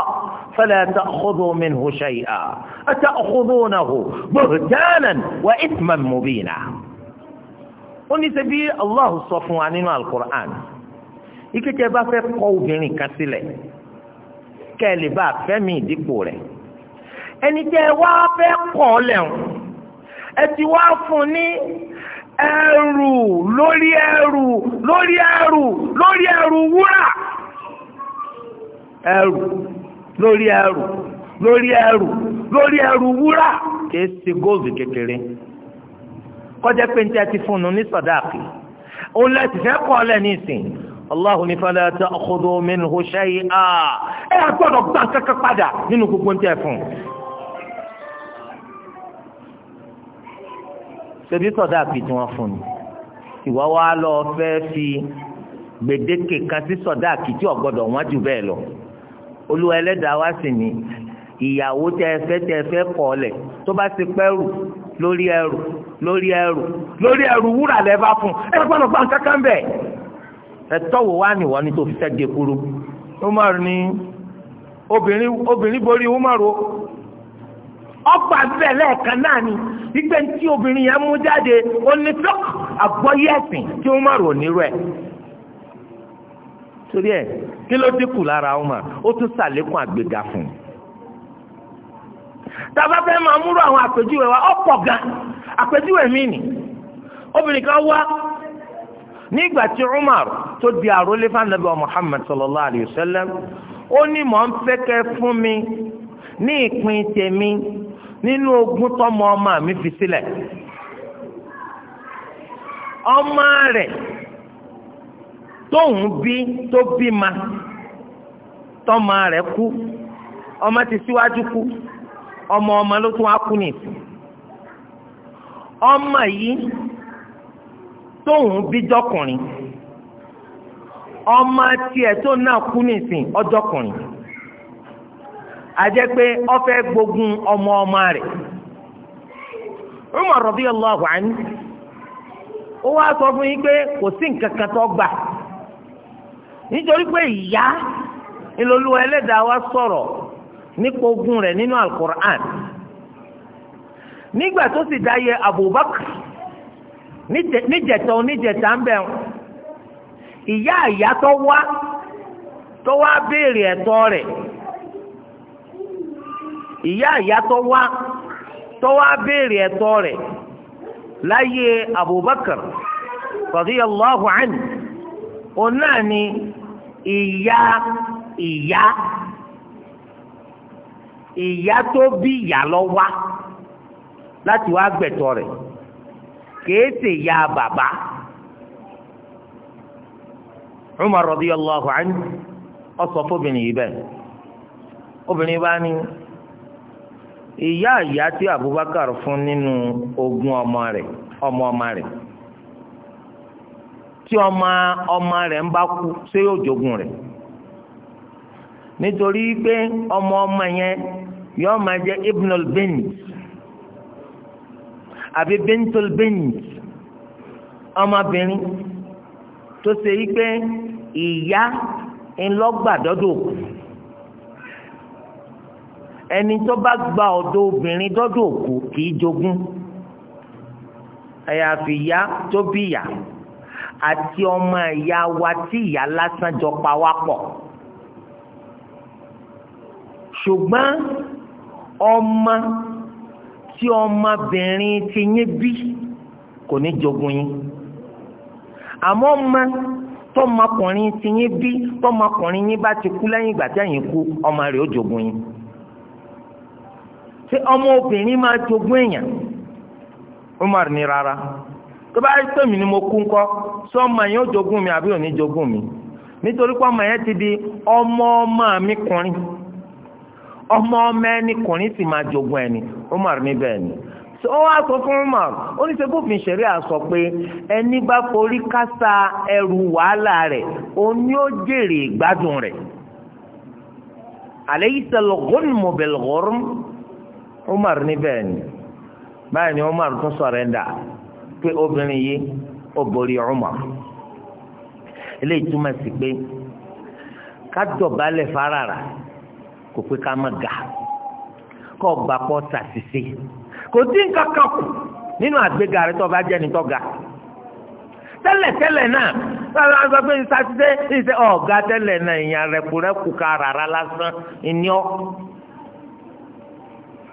[SPEAKER 1] فلا تأخذوا منه شيئا أتأخذونه بهتانا وإثما مبينا ó ní ṣe Allah sọ fún wa nínú alukur'an ìkékè bá fẹ́ kọ̀ obìnrin kan sílẹ̀ kẹ́ ẹ lè bá fẹ́mi ìdípò rẹ̀ ẹni tẹ́ ẹ wá fẹ́ kọ̀ ọ́ lẹ́hùn ẹ ti wá fún ní ẹrù lórí ẹrù lórí ẹrù lórí ẹrù wúrà ẹrù lórí ẹrù lórí ẹrù lórí ẹrù wúrà kìí góòlù kékeré kọjá pé níta ti fún un ní sọdáàkì òun láti fẹ́ kọ́ ọ lẹ́ni ìsìn Allahu ní fala ta'khudhu minhu shay'a ẹ àgbọ̀dọ̀ gbà kankan padà nínú gbogbo ń tẹ̀ fún un. ṣebí sọdáàkì tí wọ́n fún ni ìwà wa lọ fẹ́ fi gbèdéke kan sí sọdáàkì tí ò wọ́n jù bẹ́ẹ̀ lọ olúwa ẹlẹ́dàá wa sì ní ìyàwó tẹ́ fẹ́ tẹ́ fẹ́ kọ́ ọ lẹ̀ tó bá ti pẹ́rù lórí ẹrù lórí ẹrù lórí ẹrù wúrà lẹ́fà fún ẹ gbọ́dọ̀ gbọ́n kankan bẹ́ẹ̀ ẹ̀tọ́ wo wá nìwọ ni tó fi sẹ́gẹ̀ kúrú Umar ni obìnrin obìnrin borí Umar o ọgbà bẹ́ẹ̀ lẹ́ẹ̀kan náà ni gbígbẹ́ tí obìnrin yẹn mú jáde onífọ́k àgbọ́yé ẹ̀sìn tí Umar ò nírú ẹ̀ torí ẹ̀ kí ló dínkù lára Umar ó tún sàlékún àgbéga fún un. tàbá fẹ́ máa múrò àwọn àpèjúwe wa ọ̀pọ̀ gan àpèjúwe mi nì obìnrin kan wá nígbà tí Umar tó di àrólé fanabi wa Muhammad sallallahu alayhi wa sallam ó ní mò ń fẹ́ fún mi ní ìpín tèmi nínú ogun tọmọ ọmọ mi fi sílẹ̀ ọmọ rẹ̀ tóun bí tó bí ma tọmọ rẹ̀ kú ọmọ ti síwájú kú. ọmọ ọmọ ló tún wá kú ọmọ yìí tóun bí ọmọ tiẹ̀ tó náà kú ọjọkùnrin pé ó gbógun ọmọ ọmọ rẹ̀ Umar radiyallahu anhu ó wá sọ fún yín pé kò sí nǹkan kan tó nípa ogún rẹ̀ nínú alukur'an nígbà tó sì dáyé abubakar níjẹta oníjẹta ń bẹ̀ ìyá ìyá tó wá tó wá béèrè ẹ̀tọ́ rẹ̀ ìyá ìyá tó wá tó wá béèrè ẹ̀tọ́ rẹ̀ láyé abubakar radiyallahu anhu òun náà ni ìyá ìyá. ìyá tó bí ìyá lọ wá láti wá gbẹ̀tọ́ rẹ̀ kìí ṣe ìyá bàbá Umar radiyallahu anhu ó sọ fóbìnrin yìí obìnrin bá ní ìyá ìyá tí Abubakar fún nínú ogún ọmọ ọmọ ọmọ tí ọmọ nítorí pé ọmọ ọmọ yẹn yọọ máa jẹ ibnul bint àbí bintul bint ọmọbìnrin tó ṣe yí pé ìyá ńlọgbàdọdọ ẹni tó bá gba ọ̀dọ̀ obìnrin dọdọ òkú kìí jogún àyàfi ìyá tó bí ìyá àti ọmọ ìyá wa tí ìyá lásán jọ pa wá pọ̀. ṣùgbọ́n ọmọ tí ọmọbìnrin ti yín bí kò ní jogún yín àmọ́ ọmọ tọmọkùnrin ti yín bí tọmọkùnrin yín bá ti kú lẹ́yìn ìgbà tẹ́yìn kú ọmọ rẹ̀ ó jogun yín ṣé ọmọ obìnrin máa jogún èèyàn Umar ní rárá tó bá rí pé mi ni mo kú ńkọ́ sọ ọmọ yẹn ó jogún mi àbí ò ní jogún mi nítorí pé ọmọ yẹn ti di ọmọ ọmọ mi kùnrin. ọmọ ọmọ ẹni kùnrin sì máa jogun ẹni Umar níbẹ̀ ni ó wá sọ fún Umar ó ní ṣe bófin ṣẹ̀rí àsọ pé ẹni bá forí kásá ẹrù wàhálà rẹ̀ òun ni ó jèrè ìgbádùn rẹ̀ alaysa al-ghunmu bil-ghurm Umar níbẹ̀ ni báyìí ni Umar tún sọ̀rẹ́ndà pé obìnrin yìí ó borí Umar eléyìí túmọ̀ sí pé ká dọ̀bálẹ̀ fárára kò pé ká má ga kọ́ ọgbà pọ́ sàṣìṣe kò dín kankan kù nínú àgbéga rẹ tó bá jẹ́ ni tó ga tẹ́lẹ̀tẹ́lẹ̀ náà sábà ń sọ pé sátidé ìṣe ọ̀gá tẹ́lẹ̀ náà ìyàn rẹ̀kùrẹ́kù ká rárá lásán ìníọ́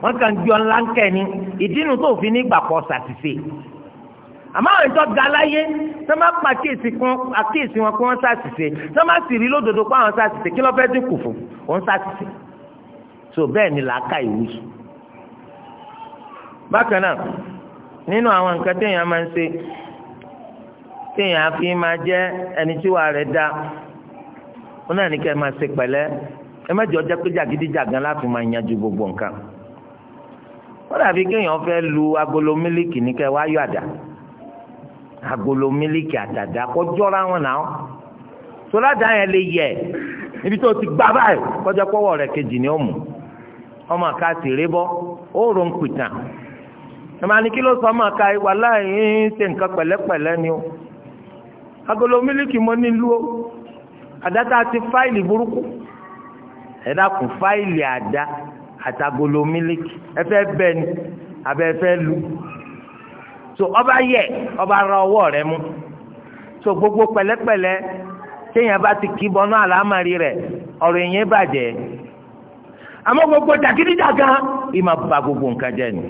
[SPEAKER 1] wọ́n kàn jọ ńlá ń kẹ́ ni ìdínú tó fi nígbà pọ̀ sàṣìṣe àmọ́ àwọn ìjọ ga láyé tó máa pa àkíyèsí kan àkíyèsí wọn pé wọ́n sàṣìṣe tó máa sì rí lódodo pé àwọn sàṣìṣe kí ló fẹ́ dínkù fún òun sàṣìṣe so bẹ́ẹ̀ ni làákà ìwú yìí. bákan náà nínú àwọn nǹkan téèyàn máa ń ṣe téèyàn fi máa jẹ́ ẹni tí wàá rẹ̀ dá wọn náà ní kẹ́ ẹ máa ṣe pẹ̀lẹ́ ẹ má jọ jẹ́ pé jàgídíjàgan láti máa yanjú gbogbo nǹkan ó dàbí kéèyàn fẹ́ lu agolo mílíkì ní kẹ́ wá yọ àdá agolo mílíkì àdàdà kọjọ́ra wọn náà sọlá dá yẹn lè yẹ níbi tó ti gbá báyìí kọjá pọ́wọ́ rẹ̀ kejì ni ó mú. ọmọ àká tèrè bọ́ ó rò ń pìtà ẹ̀ma kí ló sọ ọmọ láàyè ṣe nǹkan ni o agolo mílíkì mo nílùú o àdáta ti fáìlì burúkú ẹ̀dá kù fáìlì àdá agolo mílíkì ẹ̀fẹ́ bẹ́ẹ̀ ni lu so ọba yẹ ọba ra ọwọ́ rẹ mú gbogbo pẹ̀lẹ́pẹ̀lẹ́ téèyàn bá ti kí bọnú àlámàrí rẹ ọ̀rọ̀ ìyẹn bàjẹ́ àmọ́ gbogbo jàgídíjàga ìmọ̀ ba gbogbo nǹkan jẹ́ ni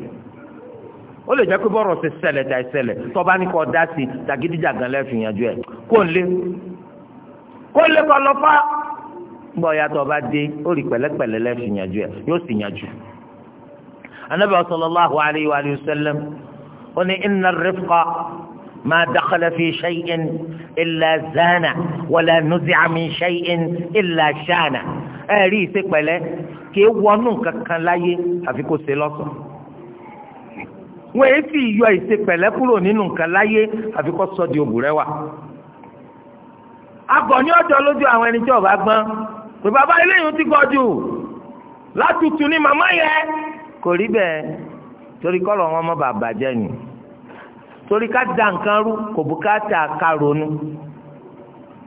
[SPEAKER 1] ó lè jẹ́ pé bọ́rọ̀ ṣe ṣẹlẹ̀ tà ṣẹlẹ̀ tọ́ba ní kọ́ dá sí jàgídíjàga lẹ́fìn yanjú ẹ̀ kó ń lé kó ń lé kọ́ lọ fá gbọ́ ya tọ́ba dé ó rí pẹ̀lẹ́pẹ̀lẹ́ lẹ́fìn yanjú ẹ̀ yóò sì yanjú. anábì sallallahu alayhi wa sallam ó ní inna rifqa ما دخل في شيء إلا زانه ولا نزع من شيء إلا شانه ẹ̀rí ìsepẹ̀lẹ́ kì í wọnú kankan láyé àfi kó ṣe lọ́sọ̀ wọ́n èé sì yọ ìsepẹ̀lẹ́ kúrò nínú nǹkan láyé àfi kó sọ di òbúrẹ́wà agbọ̀nyí ọ̀dọ́ lójú àwọn ẹni tí ọba gbọ́n pé bàbá eléyìí ti gbọ́ jù látùtù ni màmá yẹ kò rí bẹ́ẹ̀ torí kọ́ lọ́ wọn mọ́ bàbá jẹ́ nìyí torí ká da nǹkan rú kò bùkátà ká ronú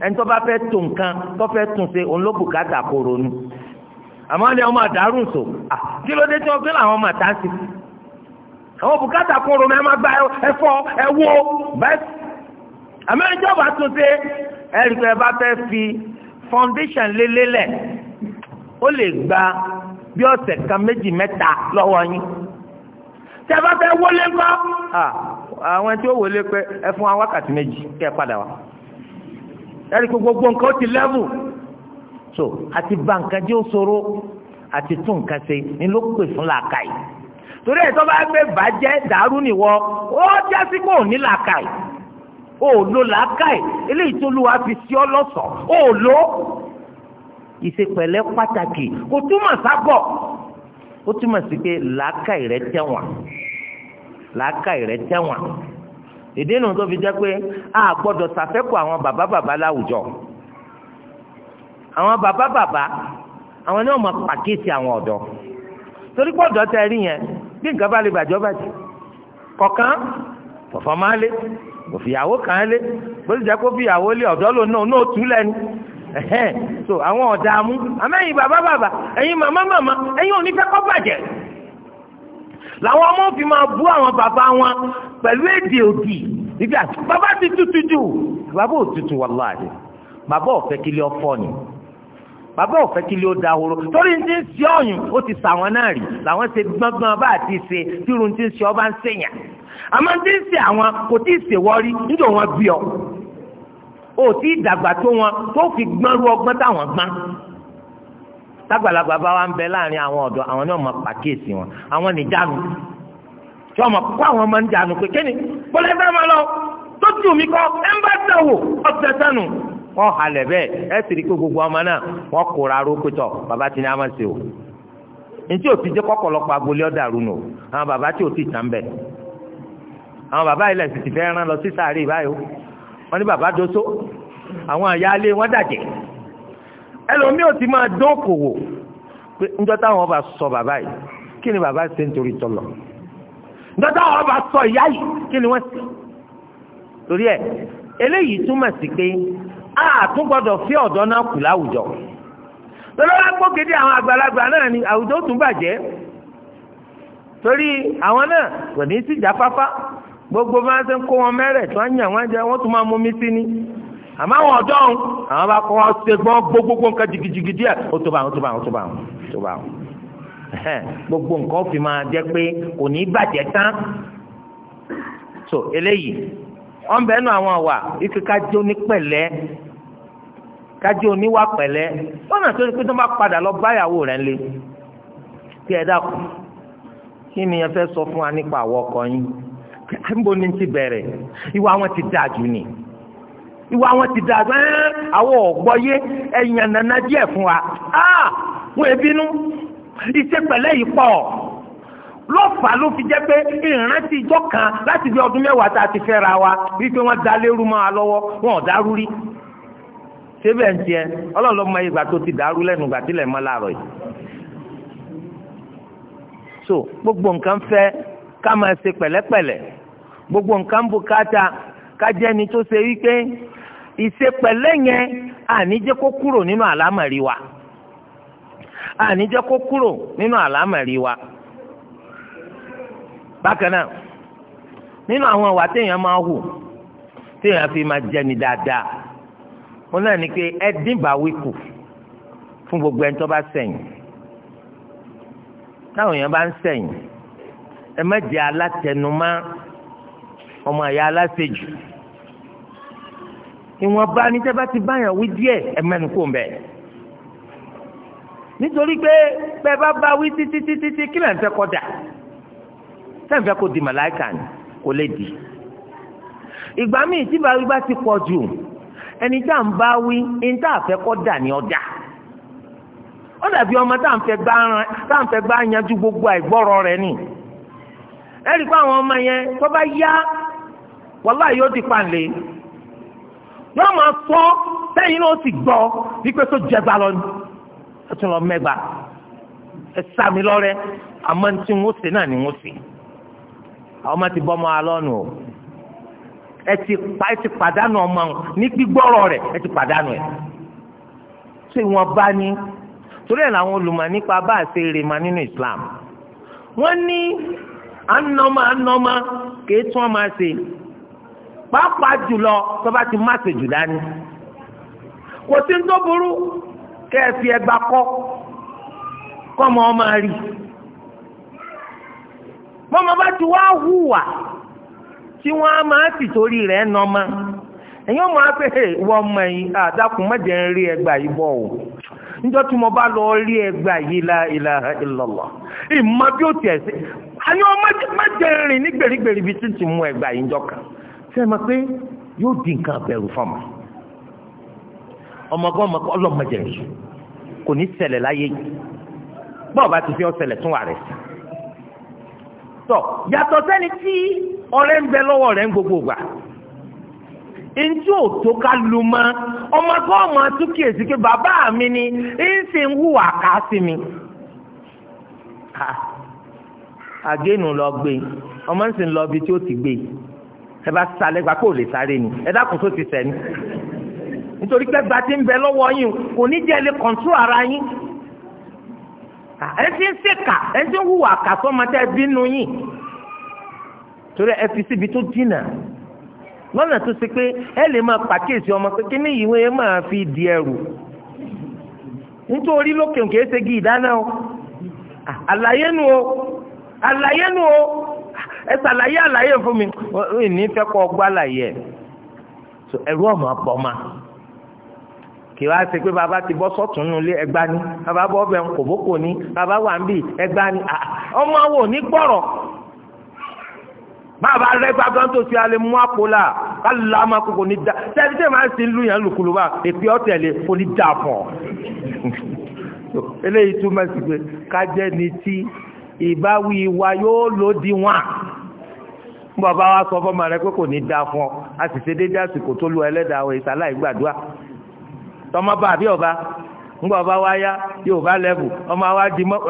[SPEAKER 1] ẹni tó bá fẹ́ tó nǹkan tó fẹ́ tún ṣe òun ló bùkátà kó ronú àmọ́ ni ọmọ àdárùn sò kí ló dé tí wọ́n gbé làwọn ọmọ àtá sí àwọn bùkátà kó ronú ẹ má gba ẹfọ ẹwọ bẹ́ẹ̀ àmọ́ni tí wọ́n bá tún ṣe ẹ̀rí pé ẹ bá fẹ́ fi foundation lélẹ́lẹ̀ ó lè gba bí ọ̀sẹ̀ kan méjì mẹ́ta lọ́wọ́ yín tí ẹ bá fẹ́ wọlé ńkọ́ àwọn tí ó wọlé pé ẹ fún wa wákàtí méjì kẹ́ ẹ padà wá ẹ̀rí pé gbogbo nǹkan ó ti lẹ́bù so àti ba nǹkan jẹ́ òṣòro àti tún nǹkan ṣe ni ló pè fún làákàyè torí ẹ̀ tó bá gbé bàjẹ́ dàrú nìwọ ó jásí pé ò ní làákàyè ó lo làákàyè eléyìí tó lùwà fi sí ọ lọ́sọ̀ọ́ ó lo ìṣepẹ̀lẹ́ pàtàkì kò túmọ̀ sábọ̀ ó túmọ̀ sí pé làákàyè rẹ tẹ̀wọ̀n làákàyè rẹ̀ tẹ̀wọ̀n ìdí nu tó fi jẹ́ pé a gbọ́dọ̀ ṣàfẹ́kù àwọn bàbá bàbá láwùjọ àwọn bàbá bàbá àwọn ni wọ́n máa pàkíyèsí àwọn ọ̀dọ́ torí pé ọ̀dọ́ tẹ rí yẹn bí nǹkan bá lè bàjọ́ bàjẹ́ kọ̀ọ̀kan fọ̀fọ̀ máa lé òfìyàwó kan lé bó ti jẹ́ kó fìyàwó lé ọ̀dọ́ lò náà náà tú lẹ́nu so àwọn ọ̀dààmú àmẹ́yìn bàbá bàbá ẹ̀yin màmá màmá ẹ̀yin ò ní fẹ́ kó bàjẹ́ làwọn ọmọ fi máa bú àwọn bàbá wọn pẹ̀lú èdè òdì ìgbà bàbá ti tutù jù bàbá ò tutù wàláhì bàbá ò fẹ́ kí lé ọfọ́ ni bàbá ò fẹ́ kí lé ó da horo torí ti ń ṣe ọ̀yùn ó ti sàwọn náà rí làwọn ṣe gbọ́ngbọ́n bá àti ṣe tírun ti ń ṣe ọba ń ṣèyàn àmọ́ ti ń ṣe àwọn kò tí ì ṣèwọ́rí nítorí wọn bí ọ ò tí tó wọn tó fi gbọ́n rú ọgbọ́n táwọn gbọ́n tágbàlagbà bá wa ń bẹ láàrin àwọn ọ̀dọ́ àwọn náà máa pàkíyèsí wọn àwọn nìjánu tí wọn máa kó àwọn ọmọ nìjánu pé kíni bọ́lá ẹ fẹ́ máa lọ tó tù mí kọ́ ẹ ń bá tẹ̀ wò ọ̀sẹ̀ sẹ́nu wọn halẹ̀ bẹ́ẹ̀ ẹ sì rí i pé gbogbo ọmọ náà wọn kóra aró pétọ̀ bàbá tí ní a máa ṣe o ntí o ti jẹ́ kọ́kọ́lọ́pọ̀ agbolé ọ̀dàrú nù àwọn bàbá tí o ti tàn bẹ̀ àwọn bàbá ilẹ̀ sì ti fẹ́ lọ sí sàárè báyìí wọn ní bàbá doso ẹlòmíì ò ti máa dókòwò pé njọ́ táwọn ọba sọ bàbá yìí kí ni bàbá ṣe nítorí tọ́lọ̀ njọ́ táwọn ọba sọ ìyá yìí kí ni wọ́n ṣe torí ẹ̀ eléyìí túmọ̀ sí pé a tún gbọ́dọ̀ fi ọ̀dọ́ náà kù láwùjọ lọ́lọ́lá gbókèdè àwọn àgbàlagbà náà ni àwùjọ tún bàjẹ́ torí àwọn náà kò ní í síjà fáfá gbogbo máa ń kó wọn mẹ́rẹ̀ tó ń yàn wọ́n jẹ wọ́n tún máa mú mi sí ni àmọ́ àwọn ọ̀dọ́ ọ̀hún àwọn bá kọ́ ṣègbọ́n gbogbogbò nǹkan jìgìjìgì díẹ̀ ó tó bá àwọn tó bá àwọn tó bá àwọn tó bá àwọn gbogbo nǹkan fi máa jẹ́ pé kò ní bàjẹ́ tán so eléyìí wọ́n bẹ́ẹ̀ nù àwọn àwà ike kájọ ní pẹ̀lẹ́ kájọ oníwà pẹ̀lẹ́ lọ́nà tó ní pé tó bá padà lọ báyàwó rẹ̀ lé kí ẹ dákun kí ni ẹ fẹ́ sọ fún wa nípa àwọ̀ ọkọ yín níbo ni ti bẹ̀rẹ̀ ìwà wọn ti dáa jù ni ìwà wọn ti dà gbẹ́n àwọn ọ̀gbọ́yé ẹ̀yàn nana díẹ̀ fún wa ah! wọn ò bínú iṣẹ́ pẹ̀lẹ́ yìí pọ̀ lọ́fà ló fi jẹ́ pé ìrántí ìjọ kan láti fi ọdún mẹ́wàá tá a ti fẹ́ ra wa wípé wọ́n da mọ́ a lọ́wọ́ wọn ò dárú rí síbẹ̀ ń tiẹ̀ ọlọ́run mọ ìgbà tó ti dàrú lẹ́nu ìgbà tí lè mọ́ láàárọ̀ yìí. so gbogbo nǹkan fẹ́ ká máa ṣe pẹ̀lẹ́pẹ̀lẹ́ gbogbo nǹkan bùkátà ká jẹ́ tó ṣe wípé ìṣepẹ̀lẹ́ yẹn àníjẹ́ kó kúrò nínú àlámọ̀rí wa àníjẹ́ kó kúrò nínú àlámọ̀rí wa bákan náà nínú àwọn ìwà téèyàn máa hù téèyàn fi máa jẹni dáadáa wọn náà ní pé ẹ dín kù fún gbogbo ẹni tó bá sẹ̀yìn táwọn èèyàn bá ń sẹ̀yìn ẹ má jẹ́ alátẹnumá ọmọ ẹ̀yà aláṣejù ìwọ̀nba ní tẹ́bá ti báyàn wí díẹ̀ ẹ̀ mẹ́nu kò ń bẹ̀. nítorí pé bẹ́ẹ̀ bá bá wí títí títí tí kí lẹ́ǹfẹ́ kọ́ dà sẹ́ǹfẹ́ kò di màláìkà ni kò lè di. ìgbà míì tí báwí bá ti pọ̀ jù ẹni tá à ń bá wí ẹni tá à fẹ́ kọ́ dà ọjà. ó dàbí ọmọ tá à ń fẹ́ gbá yanjú gbogbo àìgbọ́rọ̀ rẹ̀ ni. ẹ̀rí pé àwọn ọmọ yẹn tó bá yá wàláhì yóò di pàǹlẹ̀ yóò máa sọ sẹ́yìn náà ó sì gbọ́ wípé tó jẹgba lọ ni ẹ tún lọ mẹ́gba ẹ sàmì lọ́rẹ́ àmọ́ tí wọ́n ṣe náà ni wọ́n ṣe àwọn ọmọ ti bọ́ ọmọ alọ́nu o ẹ ti pa ẹ ti pàdánù ọmọ ní gbígbọ́rọ̀ rẹ̀ ẹ ti pàdánù ẹ̀ ṣé wọn bá ní torí ẹ̀ làwọn olùmọ̀ nípa bá àṣẹ rè ma nínú Islam wọ́n ní anọ́mọ anọ́mọ kì í tún ọmọ ṣe pàápàá jùlọ tó bá ti má ṣe jù dání kò sí tó burú kẹ́ ẹ fi ẹgbà kọ́ mọ ọmọ rí bá ti wá hùwà tí wọ́n á máa sì torí rẹ̀ nọ́mọ ẹ̀yin ọmọ afẹ́ wọ́n mọ ẹ̀yin àdàkùn mọ́jẹ̀ ń rí ẹgbà yìí o tí mo bá lọ rí ẹgbà yìí ṣe é ma pé yóò di nǹkan abẹ̀rù fọmọ ọmọgbọ́n ọmọ ọlọ́mọdé kò ní ṣẹlẹ̀ láyé bọ́ọ̀ bá ti fi ọ̀ṣẹlẹ̀ tún wà rẹ̀ sí tọ yàtọ̀ sẹ́ni tí ọ̀rẹ́ ń bẹ lọ́wọ́ rẹ̀ ń gbogbo gbà ntí ò tó ká lu mọ́ ọmọ kọ́ ọmọ túkìyèsí pé bàbá mi ni ń sì ń ká sí mi. àgénù lọ gbé ọmọ ń ń lọ ibi tí ó ti gbé ẹ bá sálẹ gba kó o lè sáré ni ẹ dákun tó ti sẹ ni nítorí pé bàtí ń bẹ lọ́wọ́ yín kò ní jẹ́ lè kọ̀ǹtú ara yín ẹ ti ń ṣèkà ẹ ti ń hùwà kàtọ́ máa tẹ́ bínú yín torí ẹ fi síbi tó dínà lọ́nà tó ṣe pé ẹ lè máa pàkíyèsí ọmọ pé kí ní ìwé máa fi di ẹrù nítorí lókè òkè ṣe gi ìdáná o àlàyé nu o àlàyé nu o ẹ ṣàlàyé àlàyé fún mi ìní fẹ́ kọ́ ọgbà àlàyé ẹ̀ ẹ̀rú ọ̀mọ̀ àpọ̀ ma kì wá ṣe pé bàbá ti bọ́ sọ́tún nulẹ̀ ẹgbá ni bàbá bọ́ bẹ̀ kòbókò ni bàbá wà ń bì ẹgbá ni ah, ọmọ wo ní gbọ́rọ̀ bàbá rẹ gbàgbọ́n tó ti alẹ́ mú àpò la kálá máa kókò ní da sẹ́ni tẹ́ máa ń sin lùyàn lùkulù bá èpè ọ̀tẹ̀lẹ̀ kò ní pọ̀ eléyìí túmọ̀ sí pé kájẹ́ ni tí ìbáwí wa yóò lòdì wọn bàbá wa sọ fọmọ rẹ pé kò ní da fún ọ a sì ṣe déédéé àsìkò tó lu ẹlẹ́dàá àwọn ìsàlá ìgbàdúrà tọmọ bá àbí ọba ń bàbá wa yá yóò bá lẹ́bù ọmọ wa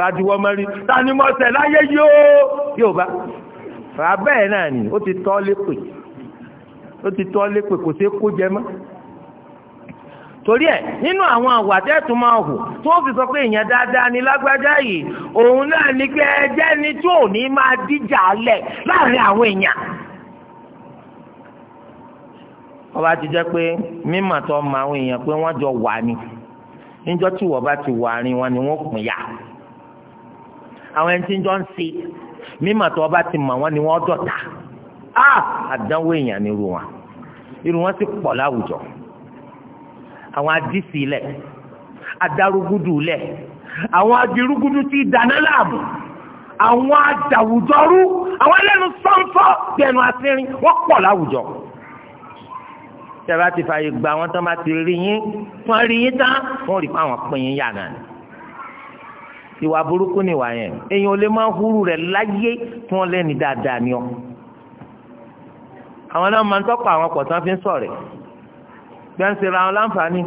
[SPEAKER 1] adiwọ́ mẹ́rin tani mọ́sẹ̀ láyé yóò yóò bá bàbá ẹ̀ náà ni ó ti tọ́ lépè ó ti tọ́ lépè kò sí kó jẹ mọ́. torí ẹ nínú àwọn àwàdẹ́ tó máa hù tó fi sọ pé èèyàn dáadáa ni lágbájá yìí òun náà ní pé ẹjẹ́ ni tí ò ní máa díjà lẹ̀ láàrin àwọn èèyàn. ọba ti jẹ́ pé mímọ̀ tó mọ àwọn èèyàn pé wọ́n jọ wà ní níjọ́ tí wọ́n bá ti wà rìn wọn ni wọ́n kùn yà àwọn ẹni tí ń jọ ń ṣe mímọ̀ tó bá ti mọ̀ wọn ni wọ́n dọ̀tá àdánwò èèyàn nírú wọn irú wọn sì pọ̀ láwùjọ. àwọn adísì lẹ̀ adarúgúdù lẹ̀ àwọn adirúgúdù tí dáná láàmú àwọn adàwùjọrú àwọn ẹlẹ́nu sọ́ńsọ́ gbẹnu asínrin wọ́n pọ̀ láwùjọ. tẹ́lá ti fààyè gba àwọn tó máa ti rí yín wọ́n rí yín tán wọ́n rí i pé àwọn pín yín yà náà ìwà burúkú ni ìwà yẹn èèyàn ò lè máa hurú rẹ̀ láyé tí wọ́n lẹ́ni dáadáa ni ọ. àwọn náà máa ń tọ́kọ̀ àwọn pọ̀ tán fi ń sọ̀rẹ̀ gbẹ̀nsẹ̀ ra wọn láǹfààní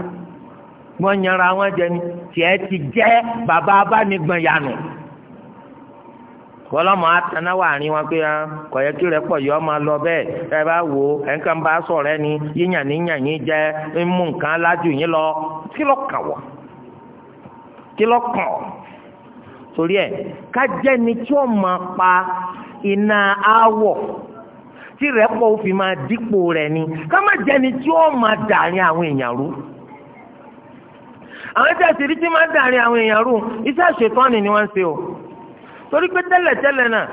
[SPEAKER 1] wọ́n yanra wọn jẹ ni tiẹ̀ ti jẹ́ bàbá abánigbọ̀n yanu kọlọmọ atana wà ní wọn pé ah, kọyẹ kí rẹ pọ yọ máa lọ bẹ́ẹ̀ ẹ bá wo ẹnìkan bá sọ̀rọ̀ ẹni yíyàn níyàn yín jẹ mímú nǹkan lájú yín lọ kí kàn wọ kí kàn torí ẹ ká tí ó máa pa iná áwọ tí rẹ̀ pọ̀ ó fi máa dípò rẹ̀ ni ká má jẹni tí ó máa dàrin àwọn èèyàn rú àwọn tí a sì rí tí máa dàrin àwọn èèyàn rú iṣẹ́ àṣetọ́ni ni wọ́n ń ṣe o torí pé tẹ́lẹ̀tẹ́lẹ̀ náà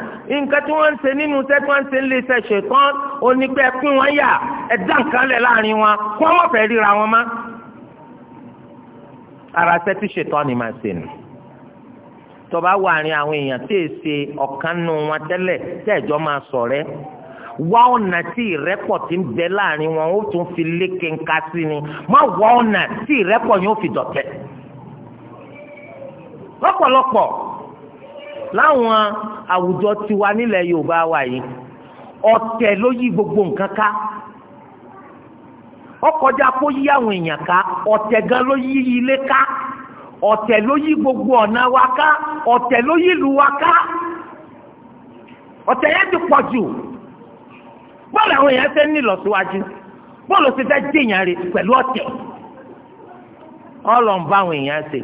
[SPEAKER 1] nǹkan tí wọ́n ń ṣe nínú iṣẹ́ tí wọ́n ń ṣe ń lè ṣe ṣetán onígbẹ́ pín wọn yà ẹ̀dá nǹkan lẹ̀ láàrin wọn kó wọ́n má fẹ́ ríra wọn má ara ṣẹ́ tí ṣetọ́ni máa ṣe nù tọba wà ní àwọn èèyàn tí èsè ọ̀kan nù wọn tẹ́lẹ̀ tẹ́ẹ̀jọ́ máa sọ̀rẹ́ wá ọ̀nà tí ìrẹ́pọ̀ ti ń bẹ láàrin wọn ó tún fi léke ńká sí ni má wá ọ̀nà tí ìrẹ́pọ̀ yóò fi dọ̀tẹ̀. lọ́pọ̀lọpọ̀ láwọn àwùjọ tiwa nílẹ̀ Yorùbá wa yìí ọ̀tẹ̀ ló yí gbogbo nǹkan ká ọkọjá kó yí àwọn èèyàn ká ọ̀tẹ̀ gan ló yí ilé ká ọ̀tẹ̀ ló yí gbogbo ọ̀nà wa ká ọ̀tẹ̀ ló yí ìlú wa ká ọ̀tẹ̀ yẹn ti pọ̀ bọ́ọ̀lù àwọn èèyàn fẹ́ ní ìlọsíwájú bọ́ọ̀lù ti fẹ́ dé èèyàn rè pẹ̀lú ọ̀tẹ̀ ọlọ́n bá àwọn èèyàn ṣe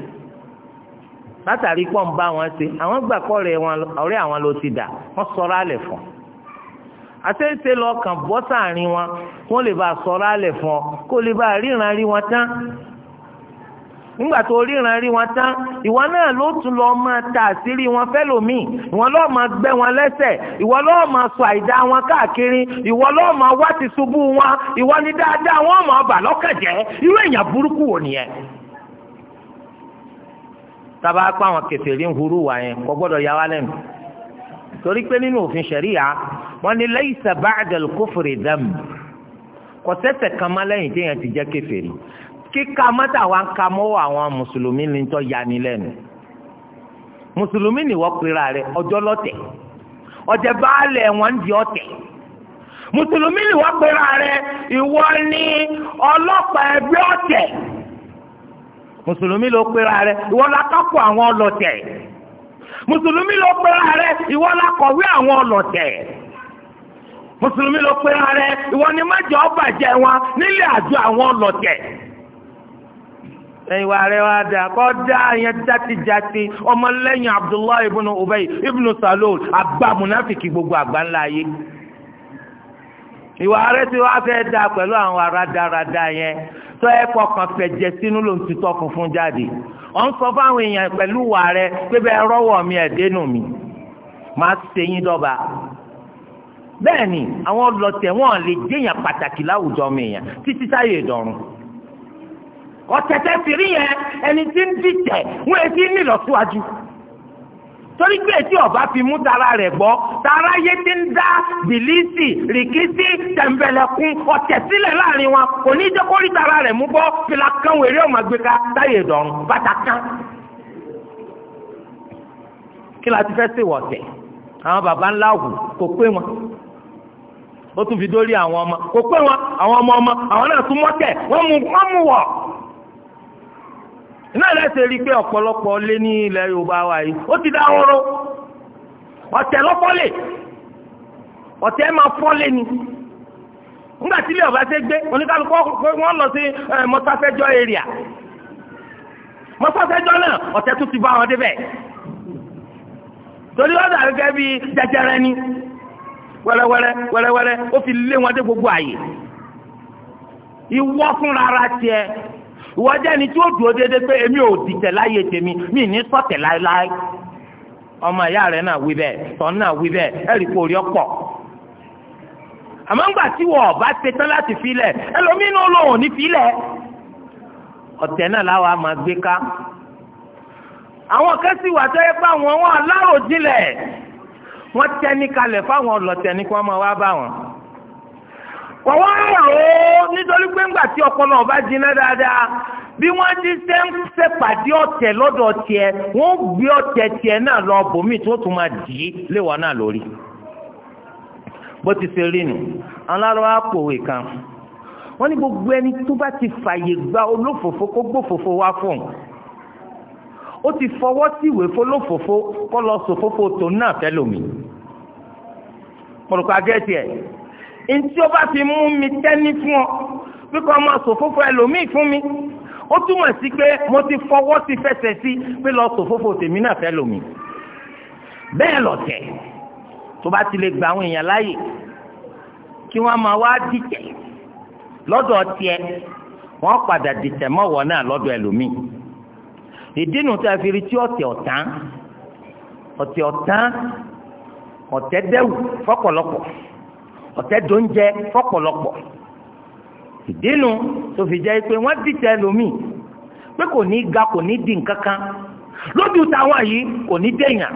[SPEAKER 1] látàrí pọ̀ ń bá wọn ṣe àwọn gbà kọ́ ọ̀rẹ́ àwọn ló ti dà wọ́n sọ̀rọ̀ àlẹ̀ fún àtẹ̀sẹ̀ lọ kàn bọ́ sáàrin wọn kó lè bá sọ̀rọ̀ àlẹ̀ fún ọ kó lè bá ríran rí wọn tán nígbà tó ríran rí wọn tán ìwọ náà ló tún lọ máa ta àṣírí wọn fẹ́lòmíì ìwọ ló máa gbẹ́ wọn lẹ́sẹ̀ ìwọ ló máa sọ àìdá wọn káàkiri ìwọ ló máa wá ti ṣubú wọn ìwọ ni dáadáa wọn máa bà lọ́kàn jẹ́ irú èèyàn burúkú wò nìyẹn tába pa àwọn kèfèrí ń hurú wa yẹn kò gbọ́dọ̀ yá wá lẹ́nu torí pé nínú òfin ṣẹ̀ríyà wọ́n ní laysa ba'dal kufri dam kò sẹ́ṣẹ̀ kan má lẹ́yìn téèyàn ti jẹ́ kèfèrí kíka mọ́tà wa ń ka mọ́wọ́ àwọn mùsùlùmí ní tó ni lẹ́nu mùsùlùmí ni wọ́n pera rẹ̀ ọjọ́ lọ́tẹ̀ ọjẹ́ baálẹ̀ wọn di ọ̀tẹ̀ mùsùlùmí ni wọ́n pera rẹ̀ ìwọ ni ọlọ́pàá ẹbí ọ̀tẹ̀ mùsùlùmí ló pera rẹ̀ ìwọ lákápò àwọn ọlọ́tẹ̀ mùsùlùmí ló pera rẹ̀ ìwọ lakọ̀wé àwọn ọlọ́tẹ̀ mùsùlùmí ló pera rẹ̀ ìwọ ni májọ ọbàjẹ́ wọn nílé àjọ àwọn ọlọ́tẹ̀. ẹ̀yin wa rẹ̀ wá dà kọ́ dá yẹn játijàti ọmọlẹ́yìn abdullahi ibn ubay ibn salo àgbà munafiki gbogbo àgbà ńlá yé ìwà rẹ̀ ti wá fẹ́ dà pẹ̀lú àwọn aradarada yẹn tó ẹ kọkàn fẹ̀jẹ̀ sínú ló ń tutọ́ funfun jáde ọ̀ ń sọ fáwọn èèyàn pẹ̀lú wà rẹ̀ pé bẹ́ẹ̀ rọ́wọ́ mi ẹ̀ dénú mi máa ṣe dọ́ba bẹ́ẹ̀ ni àwọn ọlọ́tẹ̀ wọn lè jẹ́yàn pàtàkì láwùjọ ọ̀tẹ̀tẹ̀ sì rí yẹn ẹni tí ń dìtẹ̀ wọ́n èsì ń nílọsíwájú torí pé tí ọba fi mú tara rẹ̀ gbọ́ tara yé ti ń dá bìlísì rìkísí tẹ̀m̀bẹ̀lẹ̀kún ọ̀tẹ̀ sílẹ̀ láàrin wọn kò ní jẹ́ kó rí tara rẹ̀ mú bọ́ fìlà kan wèrè ọ̀mà gbé táyé ìdọ̀rùn bàtà kan. kí la ti fẹ́ ṣèwọ̀ ọ̀tẹ̀ àwọn baba ńlá wù kò pé wọn ó tún fi dórí àwọn ọmọ kò pé wọn àwọn ọmọ ọmọ àwọn náà tún mọ́tẹ̀ wọ́n mú wọ̀ náà lẹ́sẹ̀ rí pé ọ̀pọ̀lọpọ̀ lé ní ilẹ̀ Yorùbá wa yìí ó ti dá horo ọ̀tẹ̀ lọ́fọ́lẹ̀ ọ̀tẹ̀ máa fọ́lẹ̀ ni nígbà ilé ọ̀bá ṣe gbé oníkálukú wọn lọ sí mọ́sáfẹ́jọ́ area mọ́sáfẹ́jọ́ náà ọ̀tẹ̀ tún ti bá wọn débẹ̀ torí wọn dàbí gẹ́gẹ́ bí jẹjẹrẹ ni wẹ́rẹ́wẹ́rẹ́ wẹ́rẹ́wẹ́rẹ́ ó fi lé wọn dé gbogbo àyè ìwọ́ fúnra ara tiẹ̀ ìwọ jẹ́ ẹni tí ó dúró déédéé pé èmi ò dìtẹ̀ láyé tèmi mi ní sọ̀tẹ̀ láéláé ọmọ ìyá rẹ̀ náà wí bẹ́ẹ̀ tọ́n náà wí bẹ́ẹ̀ ẹ̀rí kò rí ọ̀pọ̀ àmọ́ ńgbà tí wọ́n ọ̀bá ṣe tán láti filẹ̀ ẹlòmínú olóhùn ní filẹ̀ ọ̀tẹ̀ náà láwa máa gbé ká àwọn kẹ́sì wà tẹ́ bá wọn wọn aláròjinlẹ̀ wọ́n tẹ́ni kalẹ̀ fáwọn ọlọ́tẹ̀ ní kí wọ́n máa wá bá wọn. kọ̀ wá nítorí pé ńgbà tí náà bá jiná dáadáa bí wọ́n ti ṣe ń ṣèpàdé ọ̀tẹ̀ lọ́dọ̀ tiẹ̀ wọ́n gbé ọ̀tẹ̀ tiẹ̀ náà lọ bòmí tó tún máa dì í léwà náà lórí. bó ti ṣe rí nu aláròwá pòwe kan wọ́n ní gbogbo ẹni tó bá ti fàyè gba olófòfó kó gbófòfó wá fún un ó ti fọwọ́ sí ìwé fọlọ́fòfó kọ́ lọ sòfófó tó náà fẹ́ lómi. pọ̀lùpọ̀ agẹ́tì ẹ̀ ntí o bá fi mú mi tẹ́ni fún ọ bí kò máa sòfófó ẹlòmíì fún mi ó túmọ̀ sí pé mo ti fọwọ́ ti fẹsẹ̀ sí pé lọ sòfófó tèmi náà fẹ́ lòmíì bẹ́ẹ̀ lọ̀tẹ̀ tó bá ti lè gba àwọn èèyàn láàyè kí wọ́n máa wá dìtẹ̀ lọ́dọ̀ tiẹ̀ wọ́n padà dìtẹ̀ mọ́wọ́ náà lọ́dọ̀ ẹlòmíì ìdínú tá a fi rí tí ọ̀tẹ̀ ọ̀tán ọ̀tẹ̀ ọ̀tán ọ̀tẹ̀ dẹ́wù fọ́pọ̀lọpọ̀. ọ̀tẹ̀ tó ń jẹ fọ́pọ̀lọpọ̀ ìdínú tó fi jẹ pé wọ́n dìtẹ̀ lomi pé kò ní ga kò ní di nkankan lójú táwọn yìí kò ní dèèyàn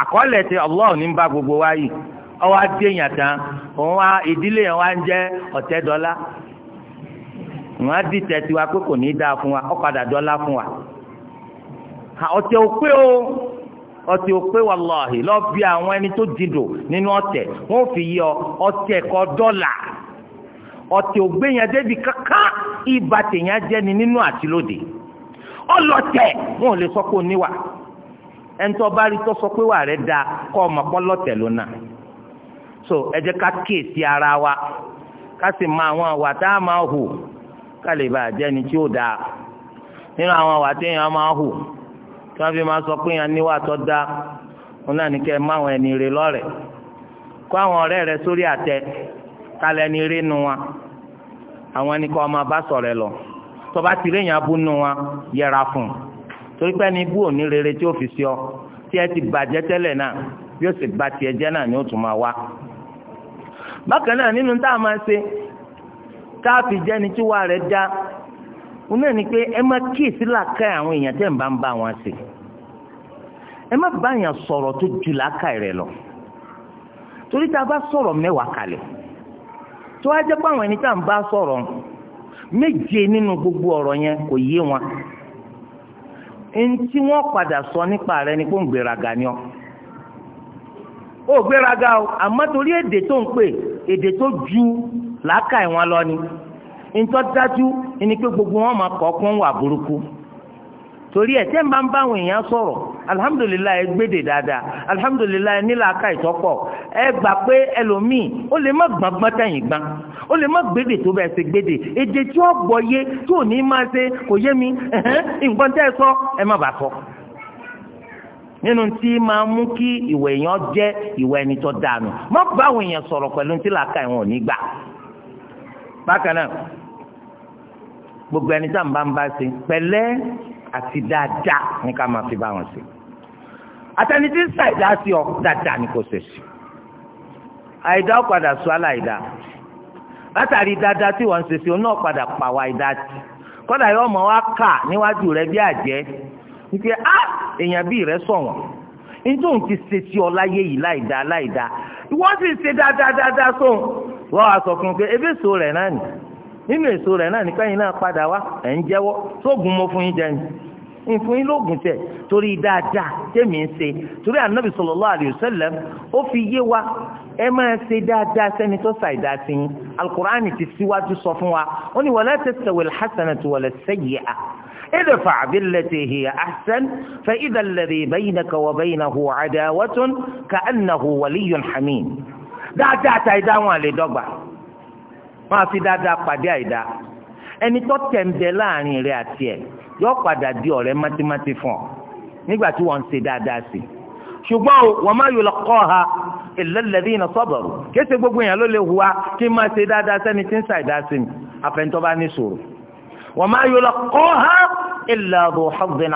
[SPEAKER 1] àkọọ́lẹ̀ ti Allah ní bá gbogbo wa yìí tán òun wa ìdílé yẹn ń ọtí o pé wàláhì lọ bí àwọn ẹni tó dìdò nínú ọ̀tẹ̀ wọn ò fi yọ ọ̀tẹ̀ kọ dọ́là ọ̀tẹ̀ ò gbé yẹn débi kankan ibà tèèyàn jẹ́ ni nínú àti lóde ọlọ́tẹ̀ wọn ò lè sọ pé oníwà ẹnitọ́ bá rí tó sọ pé wà rẹ̀ da kọ́ ọmọ so ẹ ká kíyèsí ara wa ká sì mọ àwọn àwà tá a máa hù ká lè ni tí ó dáa nínú àwọn àwà téèyàn máa hù. tí wọ́n fi máa sọ pé yẹn níwà tó dá wọn náà ní kẹ́ ẹ máwọn ẹni rè lọ́rẹ̀ kó àwọn ọ̀rẹ́ rẹ sórí àtẹ kálẹ̀ ẹni rè nu wa àwọn ẹni kọ́ ọmọ bá sọ̀rọ̀ ẹ lọ tó bá ti réyìn abú nu wa yẹra fún torí pé ẹni bú òní rere tí ó fi sí ọ tí ẹ ti bàjẹ́ tẹ́lẹ̀ náà bí sì bá tiẹ̀ jẹ́ náà ni ó tún máa wá bákan náà nínú tá máa ṣe tá a jẹ́ni tí wà rẹ̀ dá òun náà ni pé ẹ má kíyèsí làákàyè àwọn èèyàn tẹ́ ń bá ń bá wọn ṣe ẹ má bá èèyàn sọ̀rọ̀ tó ju làákàyè rẹ̀ lọ torí tá a bá sọ̀rọ̀ mẹ́wàá kalẹ̀ tó wá jẹ́ pé àwọn ẹni tá à ń bá sọ̀rọ̀ méje nínú gbogbo ọ̀rọ̀ yẹn kò yé wọn ntí wọ́n padà sọ nípa rẹ̀ ni kó ń gbéraga ni ọ́ ó gbéraga o àmọ́ torí èdè tó ń pè èdè tó ju làákàyè wọn lọ ni ntọ́ dájú ni pé gbogbo wọn máa kọ́ kún wà burúkú torí ẹ̀ tẹ́ ń bá ń bá àwọn èèyàn sọ̀rọ̀ alihamudulilayi gbédè dáadáa alihamudulilayi nílà aka ìtọ́pọ̀ ẹ gbà pé ẹlòmíì ó lè má gbàgbọ́n tẹ̀yìn gbọ́n ó lè má gbédè tó bẹ́ẹ̀ ṣe gbédè èdè tí ó gbọ́ yé tí ò ní máa ṣe kò yé mi nǹkan tẹ́ ẹ sọ ẹ má bàa sọ nínú tí máa mú kí ìwà èèyàn jẹ́ ìwà ẹni tó dànù má bá àwọn èèyàn sọ̀rọ̀ pẹ̀lú ntí làákà ìwọ̀n ò ní gbà bákan náà gbogbo ẹni tá à ń bá ń bá ṣe pẹ̀lẹ́ àti dáadáa ní ká máa fi bá wọn ṣe àtẹni tí ń sí ọ dáadáa ni kò ṣe sí àìdá ó padà sọ aláìdá látàrí dáadáa tí wọ́n ń ṣe sí ọ náà padà pàwọ́ àìdá tì kọ́dà yóò mọ̀ wá kà níwájú rẹ bí àjẹ́ wípé á èèyàn bí rẹ sọ̀wọ́n nítorí òun ti ṣe sí ọ láyé yìí láìdá láìdá ìwọ́n sì ṣe dáadáa dáadáa sóhun wọ́n á sọ fún un pé ebéso rẹ̀ náà nìyí nínú èso rẹ̀ náà nípa yín náà padà wá ẹ̀ ń jẹ́wọ́ sóògùn mo fún yín jẹ ni ìfún yín lóògùn tẹ̀ torí dáadáa tẹ̀mí ń ṣe torí ànábì sallallahu alayhi wa sallam ó fi yé wa ẹ máa ṣe dáadáa sẹ́ni tó ṣàìdá sí yín alukur'ani ti síwájú sọ fún wa ó ní wala tastawil hasanatu wala sayyi'a idfa' billati hiya ahsan fa idha alladhi baynaka wa baynahu 'adawatun ka'annahu waliyyun hamim dáadáa ta ìdáhùn àlè dọ́gba máa fi dáadáa pàdé àìdá ẹni tó tẹ̀ ń bẹ láàrin rẹ àti ẹ̀ yọ padà di ọ̀rẹ́ mátímátí fún ọ nígbà tí wọ́n ń ṣe dáadáa sí i ṣùgbọ́n o wọ́n máa yọ lọ́kọ́ ha ìlẹ́lẹ́dí iná sọ́bọ̀rù kése gbogbo èèyàn ló lè hùwà kí máa ṣe dáadáa sẹ́ni tí ń ṣàìdá sí mi àfẹ́ntọ́ bá ní sòrò wọ́n máa yọ lọ́kọ́ ha ìlàbò ọ̀gbìn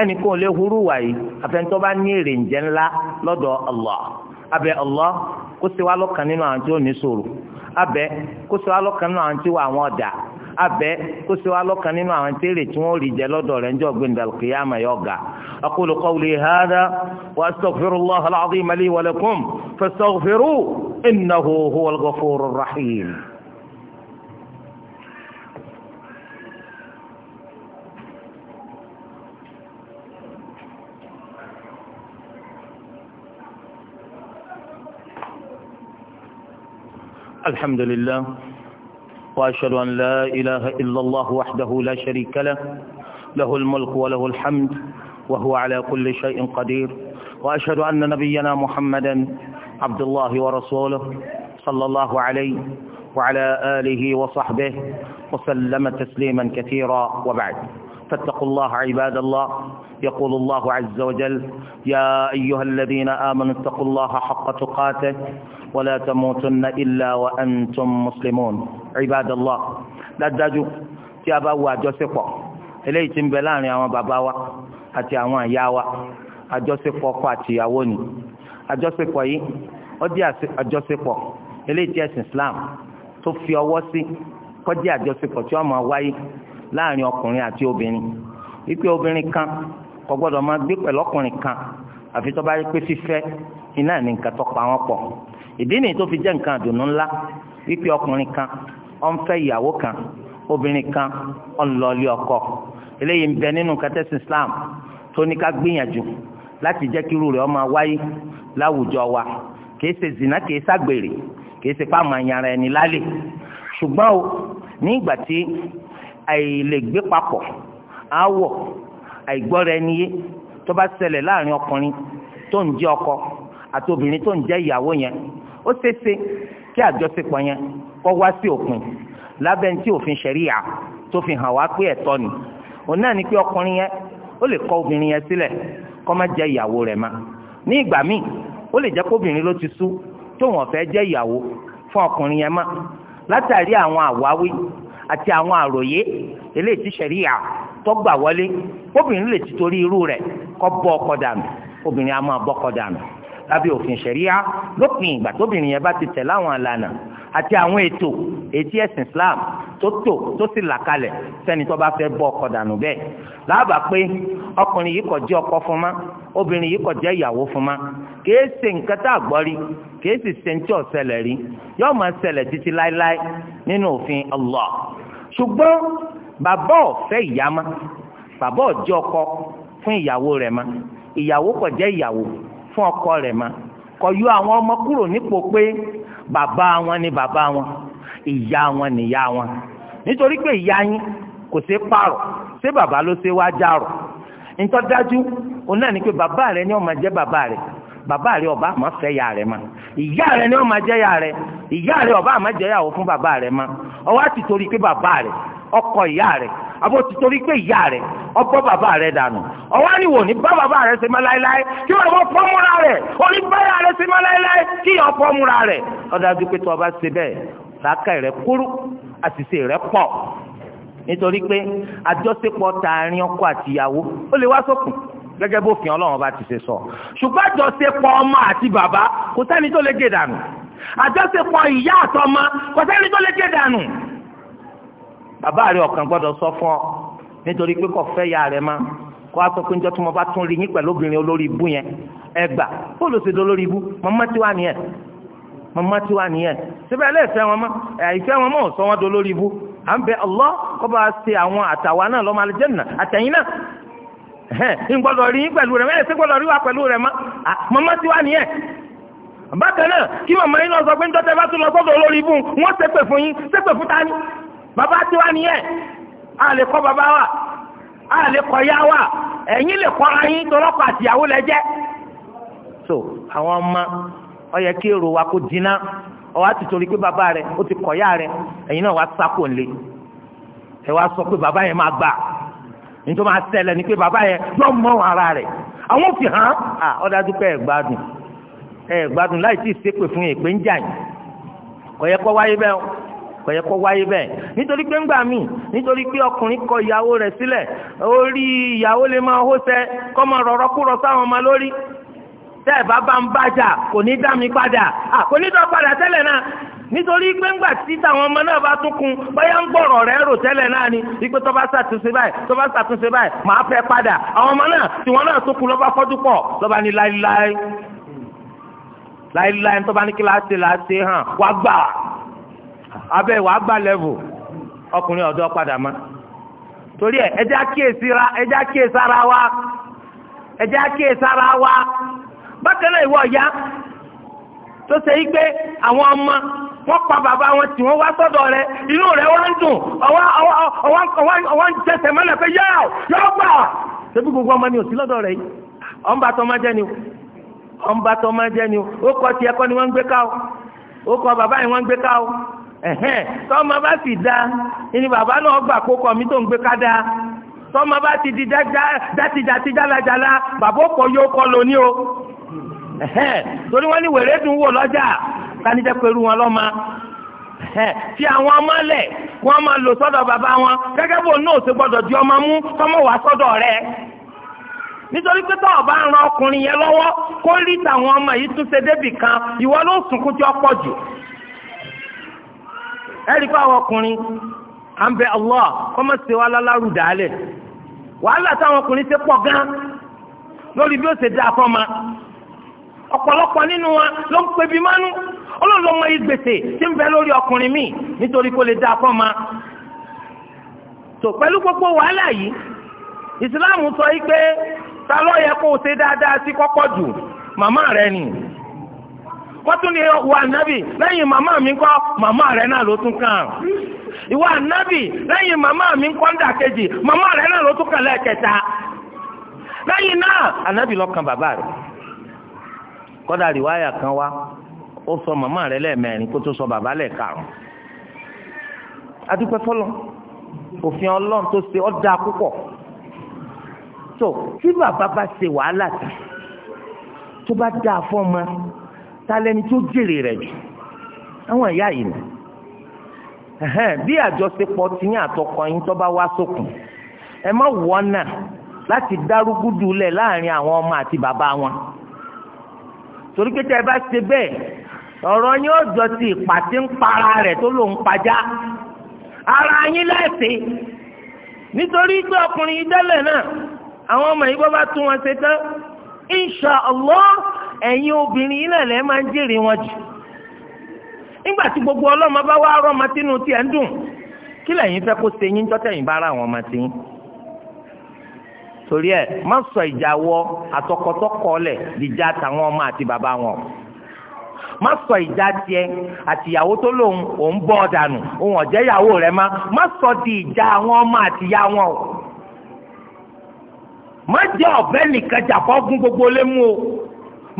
[SPEAKER 1] ẹnì kan ò lè hurú wàyí àfẹ́ntọ́ bá ní èrè ńjẹ́ ńlá lọ́dọ̀ Allah abẹ Allah kó ṣe wá lọ́kàn nínú àwọn tí ó ní sòrò abẹ kó ṣe wá lọ́kàn nínú àwọn tí wà àwọn ọ̀dà abẹ kó ṣe wá lọ́kàn nínú àwọn tẹ́lẹ̀ tí wọ́n rí jẹ lọ́dọ̀ rẹ̀ ńjọ́ gbẹ̀ndà kìyàmà yọ ga. aqulu qawli hadha wa astaghfirullah al-azim li wa lakum fastaghfiru innahu huwal ghafurur rahim. الحمد لله وأشهد أن لا إله إلا الله وحده لا شريك له له الملك وله الحمد وهو على كل شيء قدير وأشهد أن نبينا محمدا عبد الله ورسوله صلى الله عليه وعلى آله وصحبه وسلم تسليما كثيرا وبعد فاتقوا الله عباد الله يقول الله عز وجل يا أيها الذين آمنوا اتقوا الله حق تقاته ولا تموتن إلا وأنتم مسلمون عباد الله لا تدعوا tí a bá wo àjọṣepọ̀ eléyìí tí ń bẹ láàrin àwọn bàbá wa àti àwọn àyá wa àjọṣepọ̀ ọkọ àti ìyàwó ni àjọṣepọ̀ yìí ó di àjọṣepọ̀ eléyìí tí ẹ̀sìn Islam tó fi ọwọ́ sí kó di àjọṣepọ̀ tí wọ́n máa wáyé láàrin ọkùnrin àti obìnrin wípé obìnrin kan kò gbọ́dọ̀ máa gbé pẹ̀lú ọkùnrin kan àfi tó bá yẹ pé fífẹ́ iná ní nǹkan tó pa wọ́n pọ̀ ìdí nìyí tó fi jẹ́ nǹkan àdùnnú ńlá wípé ọkùnrin kan ó ń fẹ́ ìyàwó kan obìnrin kan ó ń lọ ọkọ eléyìí ń bẹ nínú kẹtẹ́sì Islam tó ní ká gbìyànjú láti jẹ́ kí irú rẹ̀ ó wáyé láwùjọ wa kìí ṣe zina kìí ṣàgbèrè kìí ṣe pàmò àyàrá ẹni lálẹ́ ṣùgbọ́n o ní ìgbà tí àìlègbé papọ̀ aáwọ̀ àìgbọ́ra ẹni yé tó bá ṣẹlẹ̀ láàrin ọkùnrin tó ń jẹ́ ọkọ àti obìnrin tó ń jẹ́ ìyàwó yẹn ó ṣeéṣe kí àjọṣepọ̀ yẹn kó wá sí òpin lábẹ́ tí òfin ṣẹ̀ríyà tó fi hàn wá pé ẹ̀tọ́ ni òun náà ni pé ọkùnrin yẹn ó lè kọ obìnrin yẹn sílẹ̀ kó má jẹ́ ìyàwó rẹ̀ mọ́ ní ìgbà míì ó lè jẹ́ kóbìnrin ló ti sú tóun ọ̀fẹ́ jẹ́ ìyàwó fún ọkùnrin yẹn mọ́ látàrí àwọn àwáwí àti àwọn àròyé eléyìí tí sẹ̀ríyà tọ́gbà wọlé obìnrin lè ti torí irú rẹ̀ kọ́ bọ́ ọkọ dànù obìnrin a máa bọ́ ọkọ dànù lábẹ́ òfin sẹ̀ríyà lópin ìgbà tóbìnrin yẹn bá ti tẹ̀ láwọn àlànà àti àwọn ètò ètí ẹ̀sìn Islam tó tò tó sì là kalẹ̀ sẹ́ni tó bá fẹ́ bọ́ ọkọ dànù bẹ́ẹ̀ láàbà pé ọkùnrin yìí kò jẹ́ ọkọ fún ma obìnrin yìí kò jẹ́ ìyàwó fún ma kìí ṣe nǹkan tá a gbọ́ rí kìí sì ṣe nǹkan ọ̀sẹ̀lẹ̀ rí yóò máa ṣẹlẹ̀ títí láéláé nínú òfin Allah ṣùgbọ́n bàbá ò fẹ́ ìyá ma bàbá ò jẹ́ ọkọ fún ìyàwó rẹ̀ ma ìyàwó kò jẹ́ ìyàwó fún ọkọ rẹ̀ ma kò yọ àwọn ọmọ kúrò nípò pé bàbá wọn ni bàbá wọn ìyá wọn ni ìyá wọn nítorí pé ìyá yín kò ṣe pààrọ̀ ṣé bàbá ló ṣe wá járọ̀ ntọ́jájú òun náà ni pé bàbá rẹ ni ó jẹ́ bàbá rẹ bàbá rẹ ọba àmọ́ fẹ́ ya rẹ ma ìyá rẹ ni wọ́n máa jẹ́ ya rẹ ìyá rẹ ọba àmọ́ jẹ́ yàwó fún bàbá rẹ ma ọwọ́ àti torí pé bàbá rẹ ọkọ ìyá rẹ àbò ti torí pé ìyá rẹ ọgbọ́ bàbá rẹ dànù ọwọ́ àníwò ní bá bàbá rẹ ṣe má láéláé kí wọ́n bọ́ fọ́múra rẹ orí báyà rẹ ṣe má láéláé kí yọ fọ́múra rẹ ọ̀dájú pé tí wọ́n bá ṣe bẹ́ẹ̀ làákà rẹ kúrú àṣìṣe rẹ pọ̀ nítorí pé àjọṣepọ̀ tààrin ọkọ àtìyàwó ó lè wá sókun gẹ́gẹ́ bó fi ọlọ́run bá ti ṣe sọ ṣùgbọ́n àjọṣepọ̀ ọmọ àti bàbá kò sẹ́ni tó lè gé dànù àjọṣepọ̀ ìyá àtọmọ kò sẹ́ni tó lè gé dànù. bàbá rẹ ọ̀kan gbọ́dọ̀ sọ fún ọ nítorí pé kò fẹ́ ya rẹ mọ́ kó a sọ pé njọ́ tí mo bá tún rí yín pẹ̀lú obìnrin olórí ibú yẹn ẹ gbà kó ló ṣe do olórí ibú màmá tí tí wà nìyẹn síbẹ̀ ẹlẹ́ẹ̀fẹ́ wọn mọ́ àìfẹ́ wọn mọ́ sọ wọn do olórí ibú à ń bẹ Allah kó bá ṣe àwọn àtàwa náà lọ́mọ aljanna àtẹ̀yìn náà ń gbọ́dọ̀ rí yín pẹ̀lú rẹ̀ mẹ́rin sí gbọ́dọ̀ rí wa pẹ̀lú rẹ̀ mọ́ màmá ti wá nìyẹn bákan náà kí màmá yín náà sọ pé ń bá tún lọ sọ́dọ̀ olórí ibùn wọ́n ṣépè fún yín ṣépè fún a lè kọ́ bàbá wa a lè kọ́ ya wa lè yín lẹ so àwọn ọmọ kí èrò wa dínà àti torí pé bàbá ti kọ ya náà sákò sọ pé bàbá yẹn máa gbà nítorí máa tẹ̀lé ni pé bàbá yẹn yọ mọ ara rẹ̀ àwọn fi hàn á ọ̀dájú pé ẹ̀ gbádùn ẹ̀ gbádùn láì tí ì ṣépè fún èpè ń jà yín kò yẹ kó wáyé bẹ́ẹ̀ kò yẹ kó wáyé bẹ́ẹ̀ nítorí pé ńgbà míì nítorí pé ọkùnrin kọ ìyàwó rẹ̀ sílẹ̀ orí ìyàwó lè máa hó sẹ́ kọ́ máa rọ̀rọ̀ kúrọ̀ sáwọn ọmọ lórí tẹ́ ẹ̀ bá bá ń kò ní dá mi padà kò ní dá tẹ́lẹ̀ náà nítorí ọmọ náà bá tún kun bóyá ń gbọ̀rọ̀ rẹ̀ rò tẹ́lẹ̀ náà ni wípé tó bá ṣàtúnṣe báyìí bá ṣàtúnṣe báyìí màá fẹ́ padà àwọn ọmọ náà tí wọ́n náà tún kun lọ́ba fọ́jú pọ̀ lọ́ba ní láéláé láéláé ní kíláàsì hàn wá gbà bákan náà ìwọ ya tó ṣe yí pé àwọn ọmọ wọn pa bàbá wọn tí wọ́n wá sọ́dọ̀ rẹ̀ inú rẹ̀ wọ́n ń dùn ọwọ́n jẹsẹ̀ mọ́lẹ̀ pé yáà yọ́ gbà ṣebí gbogbo ọmọ ni ò sí lọ́dọ̀ rẹ̀ yìí ọ̀nba tó máa ni ni ó kọ ni ń gbé o ó kọ́ bàbá yìí o bá sì da ni bàbá náà gbà kó mi tó ń gbé da bá ti di torí wọ́n ní wèrè dùn wò lọ́jà tani jẹ́ pẹ̀lú wọn lọ́mọ fi àwọn ọmọ lẹ̀ wọ́n máa lò sọ́dọ̀ bàbá wọn gẹ́gẹ́ bó náà ṣe gbọ́dọ̀ di ọmọ mú tọ́mọ wá sọ́dọ̀ rẹ̀ nítorí pé tọ́ ọba ń ran ọkùnrin yẹn lọ́wọ́ kó rí tàwọn ọmọ yìí tún ṣe débì kan ìwọ ló sunkún tí ó pọ̀ jù ẹ̀rí pé àwọn ọkùnrin à ń bẹ Allah kọ́mọ̀ sí wa lálárù dàálẹ̀ wàhálà táwọn ọkùnrin ṣe pọ̀ gan lórí bí ó ṣe dá ọ̀pọ̀lọpọ̀ nínú wa ló ń pebi mánú olóòlò mọ tí ń bẹ lórí ọkùnrin míì nítorí kó lè dá ma. tó pẹ̀lú gbogbo wàhálà yìí ìsìláàmù sọ yìí pé ta ló yẹ kó o ṣe dáadáa sí kọ́kọ́ jù màmá rẹ ni wọ́n tún ní ìwà lẹ́yìn mi kọ́ màmá rẹ náà ló tún kàn ìwà mi kọ́ kejì rẹ náà ló tún kàn lẹ́ẹ̀kẹta lẹ́yìn náà ànábì kọ́dà rìwáyà kan wá ó sọ màmá rẹ̀ lẹ́ẹ̀mẹ́rin kó tó sọ bàbá lẹ́ẹ̀karùn-ún adúpẹ́ fọlọ́ òfin ọlọ́run tó ṣe ọ́ dáa púpọ̀ tó tí bàbá bá ṣe wàhálà tà tó bá dáa fún ọmọ ta lẹni tó jèrè rẹ̀ jù àwọn ìyá yìí nù bí àjọṣepọ̀ ti àtọkọ yín tó bá wá sókun ẹ má wọ́n náà láti dárúgúdù lẹ̀ láàrin àwọn ọmọ àti bàbá wọn. torí pé tẹ́ ẹ bá ṣe bẹ́ẹ̀ ọ̀rọ̀ yín ó jọ ti ìpàtí ń para rẹ̀ tó ló ń pajá ara yín láìsí. nítorí pé ọkùnrin yìí náà àwọn ọmọ yìí bọ́ bá tún wọn ṣe tán insha Allah ẹ̀yin obìnrin yìí náà lẹ́ẹ̀ máa ń jèrè wọn jù nígbà tí gbogbo ọlọ́mọ bá wá rọ́ọ̀mọ tínú ẹ̀ ń dùn kí lẹ́yìn fẹ́ kó ṣe yín jọ́tẹ̀yìn bá ara àwọn ọmọ tiyín. torí ẹ má sọ ìjà wọ àtọkọtọkọ lẹ ìjà àtàwọn ọmọ àti bàbá wọn má sọ ìjà tiẹ̀ àtìyàwó tó lòun òun bọ ọdànù òun ọjẹ ìyàwó rẹ̀ má má sọ di ìjà àwọn ọmọ àtìyá wọn o má jẹ ọ̀bẹ nìkan jà fọgún gbogbo lé o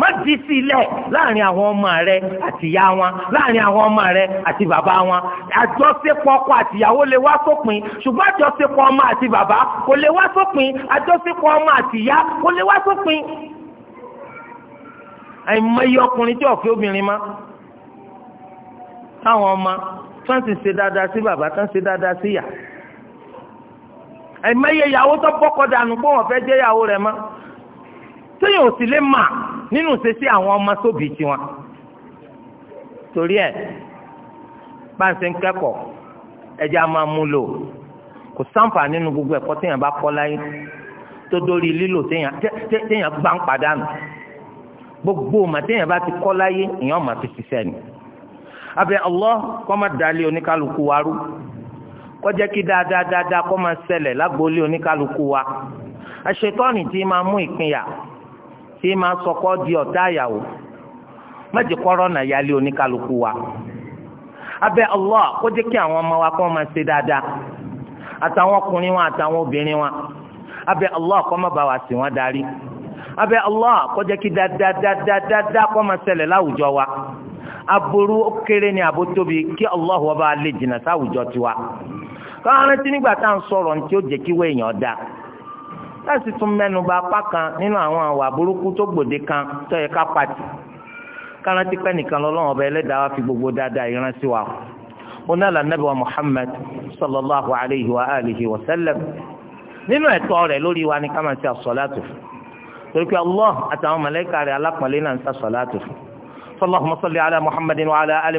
[SPEAKER 1] má di sílẹ̀ láàrin àwọn ọmọ rẹ àti ìyá wọn láàrin àwọn ọmọ rẹ àti bàbá wọn àjọṣepọ̀ ọkọ àtìyàwó lè wá sópin ṣùgbọ́n àjọṣepọ̀ ọmọ àti bàbá kò lè wá sópin àjọṣepọ̀ ọmọ àti ìyá kò lè wá sópin. àìmọye ọkùnrin tí ọ̀fẹ́ obìnrin má táwọn ọmọ tí wọ́n ti ṣe dáadáa sí bàbá tí wọ́n ṣe dáadáa sí ìyá àìmọye ìyàwó tó bọ́kọ dànù pé wọ́n fẹ́ jẹ́ ìyàwó rẹ̀ mọ́ téèyàn ò sì lè mà nínú ìṣesí àwọn ọmọ sóbì tiwọn torí ẹ̀ bá ń ṣe ń kẹ́kọ̀ọ́ ẹja máa mú lò kò sáǹfà nínú gbogbo ẹ̀kọ́ téèyàn bá kọ́ láyé tó dórí lílò téèyàn téèyàn gbá ń padànù gbogbo ọmọ téèyàn bá ti kọ́ láyé èèyàn máa fi ṣiṣẹ́ ni abẹ Allah kó máa dalẹ oníkálukú wa rú kó jẹ́ kí dáadáa dáadáa kó máa ṣẹlẹ̀ lágboolé oníkálukú wa àṣetọ́ni tí máa mú ìpínyà tí máa sọkọ́ di ọ̀tá àyàwó mẹ́jì kọ́rọ́ nà yálé oníkálukú wa Abe Allah kó jẹ́ kí àwọn ọmọ wa kó máa ṣe dáadáa àtàwọn ọkùnrin wa àtàwọn obìnrin wa Abe Allah kó má bá wa sì wọ́n darí kó kí dáadáa máa wa aburú o kéré ni abó tóbi kí wa bá lè jìnnà sáwùjọ tiwa káwọn rántí nígbà tá à ń sọ̀rọ̀ ní tí láti tún mẹ́nuba apá kan nínú àwọn àwà burúkú tó gbòde kan tó yẹ ká pàtì kárántí pẹ́ nìkan lọ́lọ́run ọba ẹlẹ́dàá wa fi gbogbo dáadáa ìrántí wa onáàlà nàbẹ̀wá Muhammad sallallahu alayhi wa alihi wa sallam nínú ẹ̀tọ́ rẹ̀ lórí wa ni ká máa ṣe torí pé Allah àtàwọn mọ̀lẹ́kà rẹ̀ alápọ̀lẹ́ náà ń ṣe àsọ̀látò fún Allahumma salli ala Muhammadin wa ala ali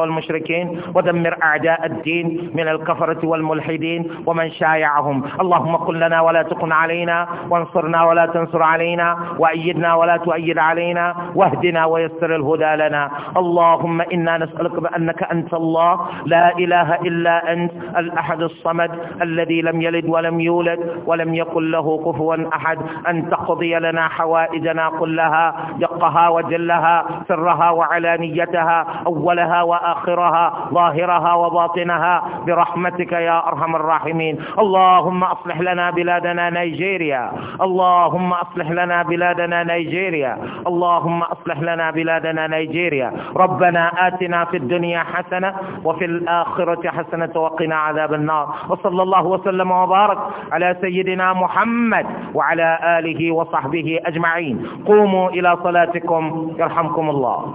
[SPEAKER 1] والمشركين ودمر أعداء الدين من الكفرة والملحدين ومن شايعهم اللهم قل لنا ولا تقن علينا وانصرنا ولا تنصر علينا وأيدنا ولا تؤيد علينا واهدنا ويسر الهدى لنا اللهم إنا نسألك بأنك أنت الله لا إله إلا أنت الأحد الصمد الذي لم يلد ولم يولد ولم يقل له كفوا أحد أن تقضي لنا حوائجنا كلها دقها وجلها سرها وعلانيتها أولها وآخرها آخرها ظاهرها وباطنها برحمتك يا أرحم الراحمين اللهم أصلح لنا بلادنا نيجيريا اللهم أصلح لنا بلادنا نيجيريا اللهم أصلح لنا بلادنا نيجيريا ربنا آتنا في الدنيا حسنة وفي الآخرة حسنة وقنا عذاب النار وصلى الله وسلم وبارك على سيدنا محمد وعلى آله وصحبه أجمعين قوموا إلى صلاتكم يرحمكم الله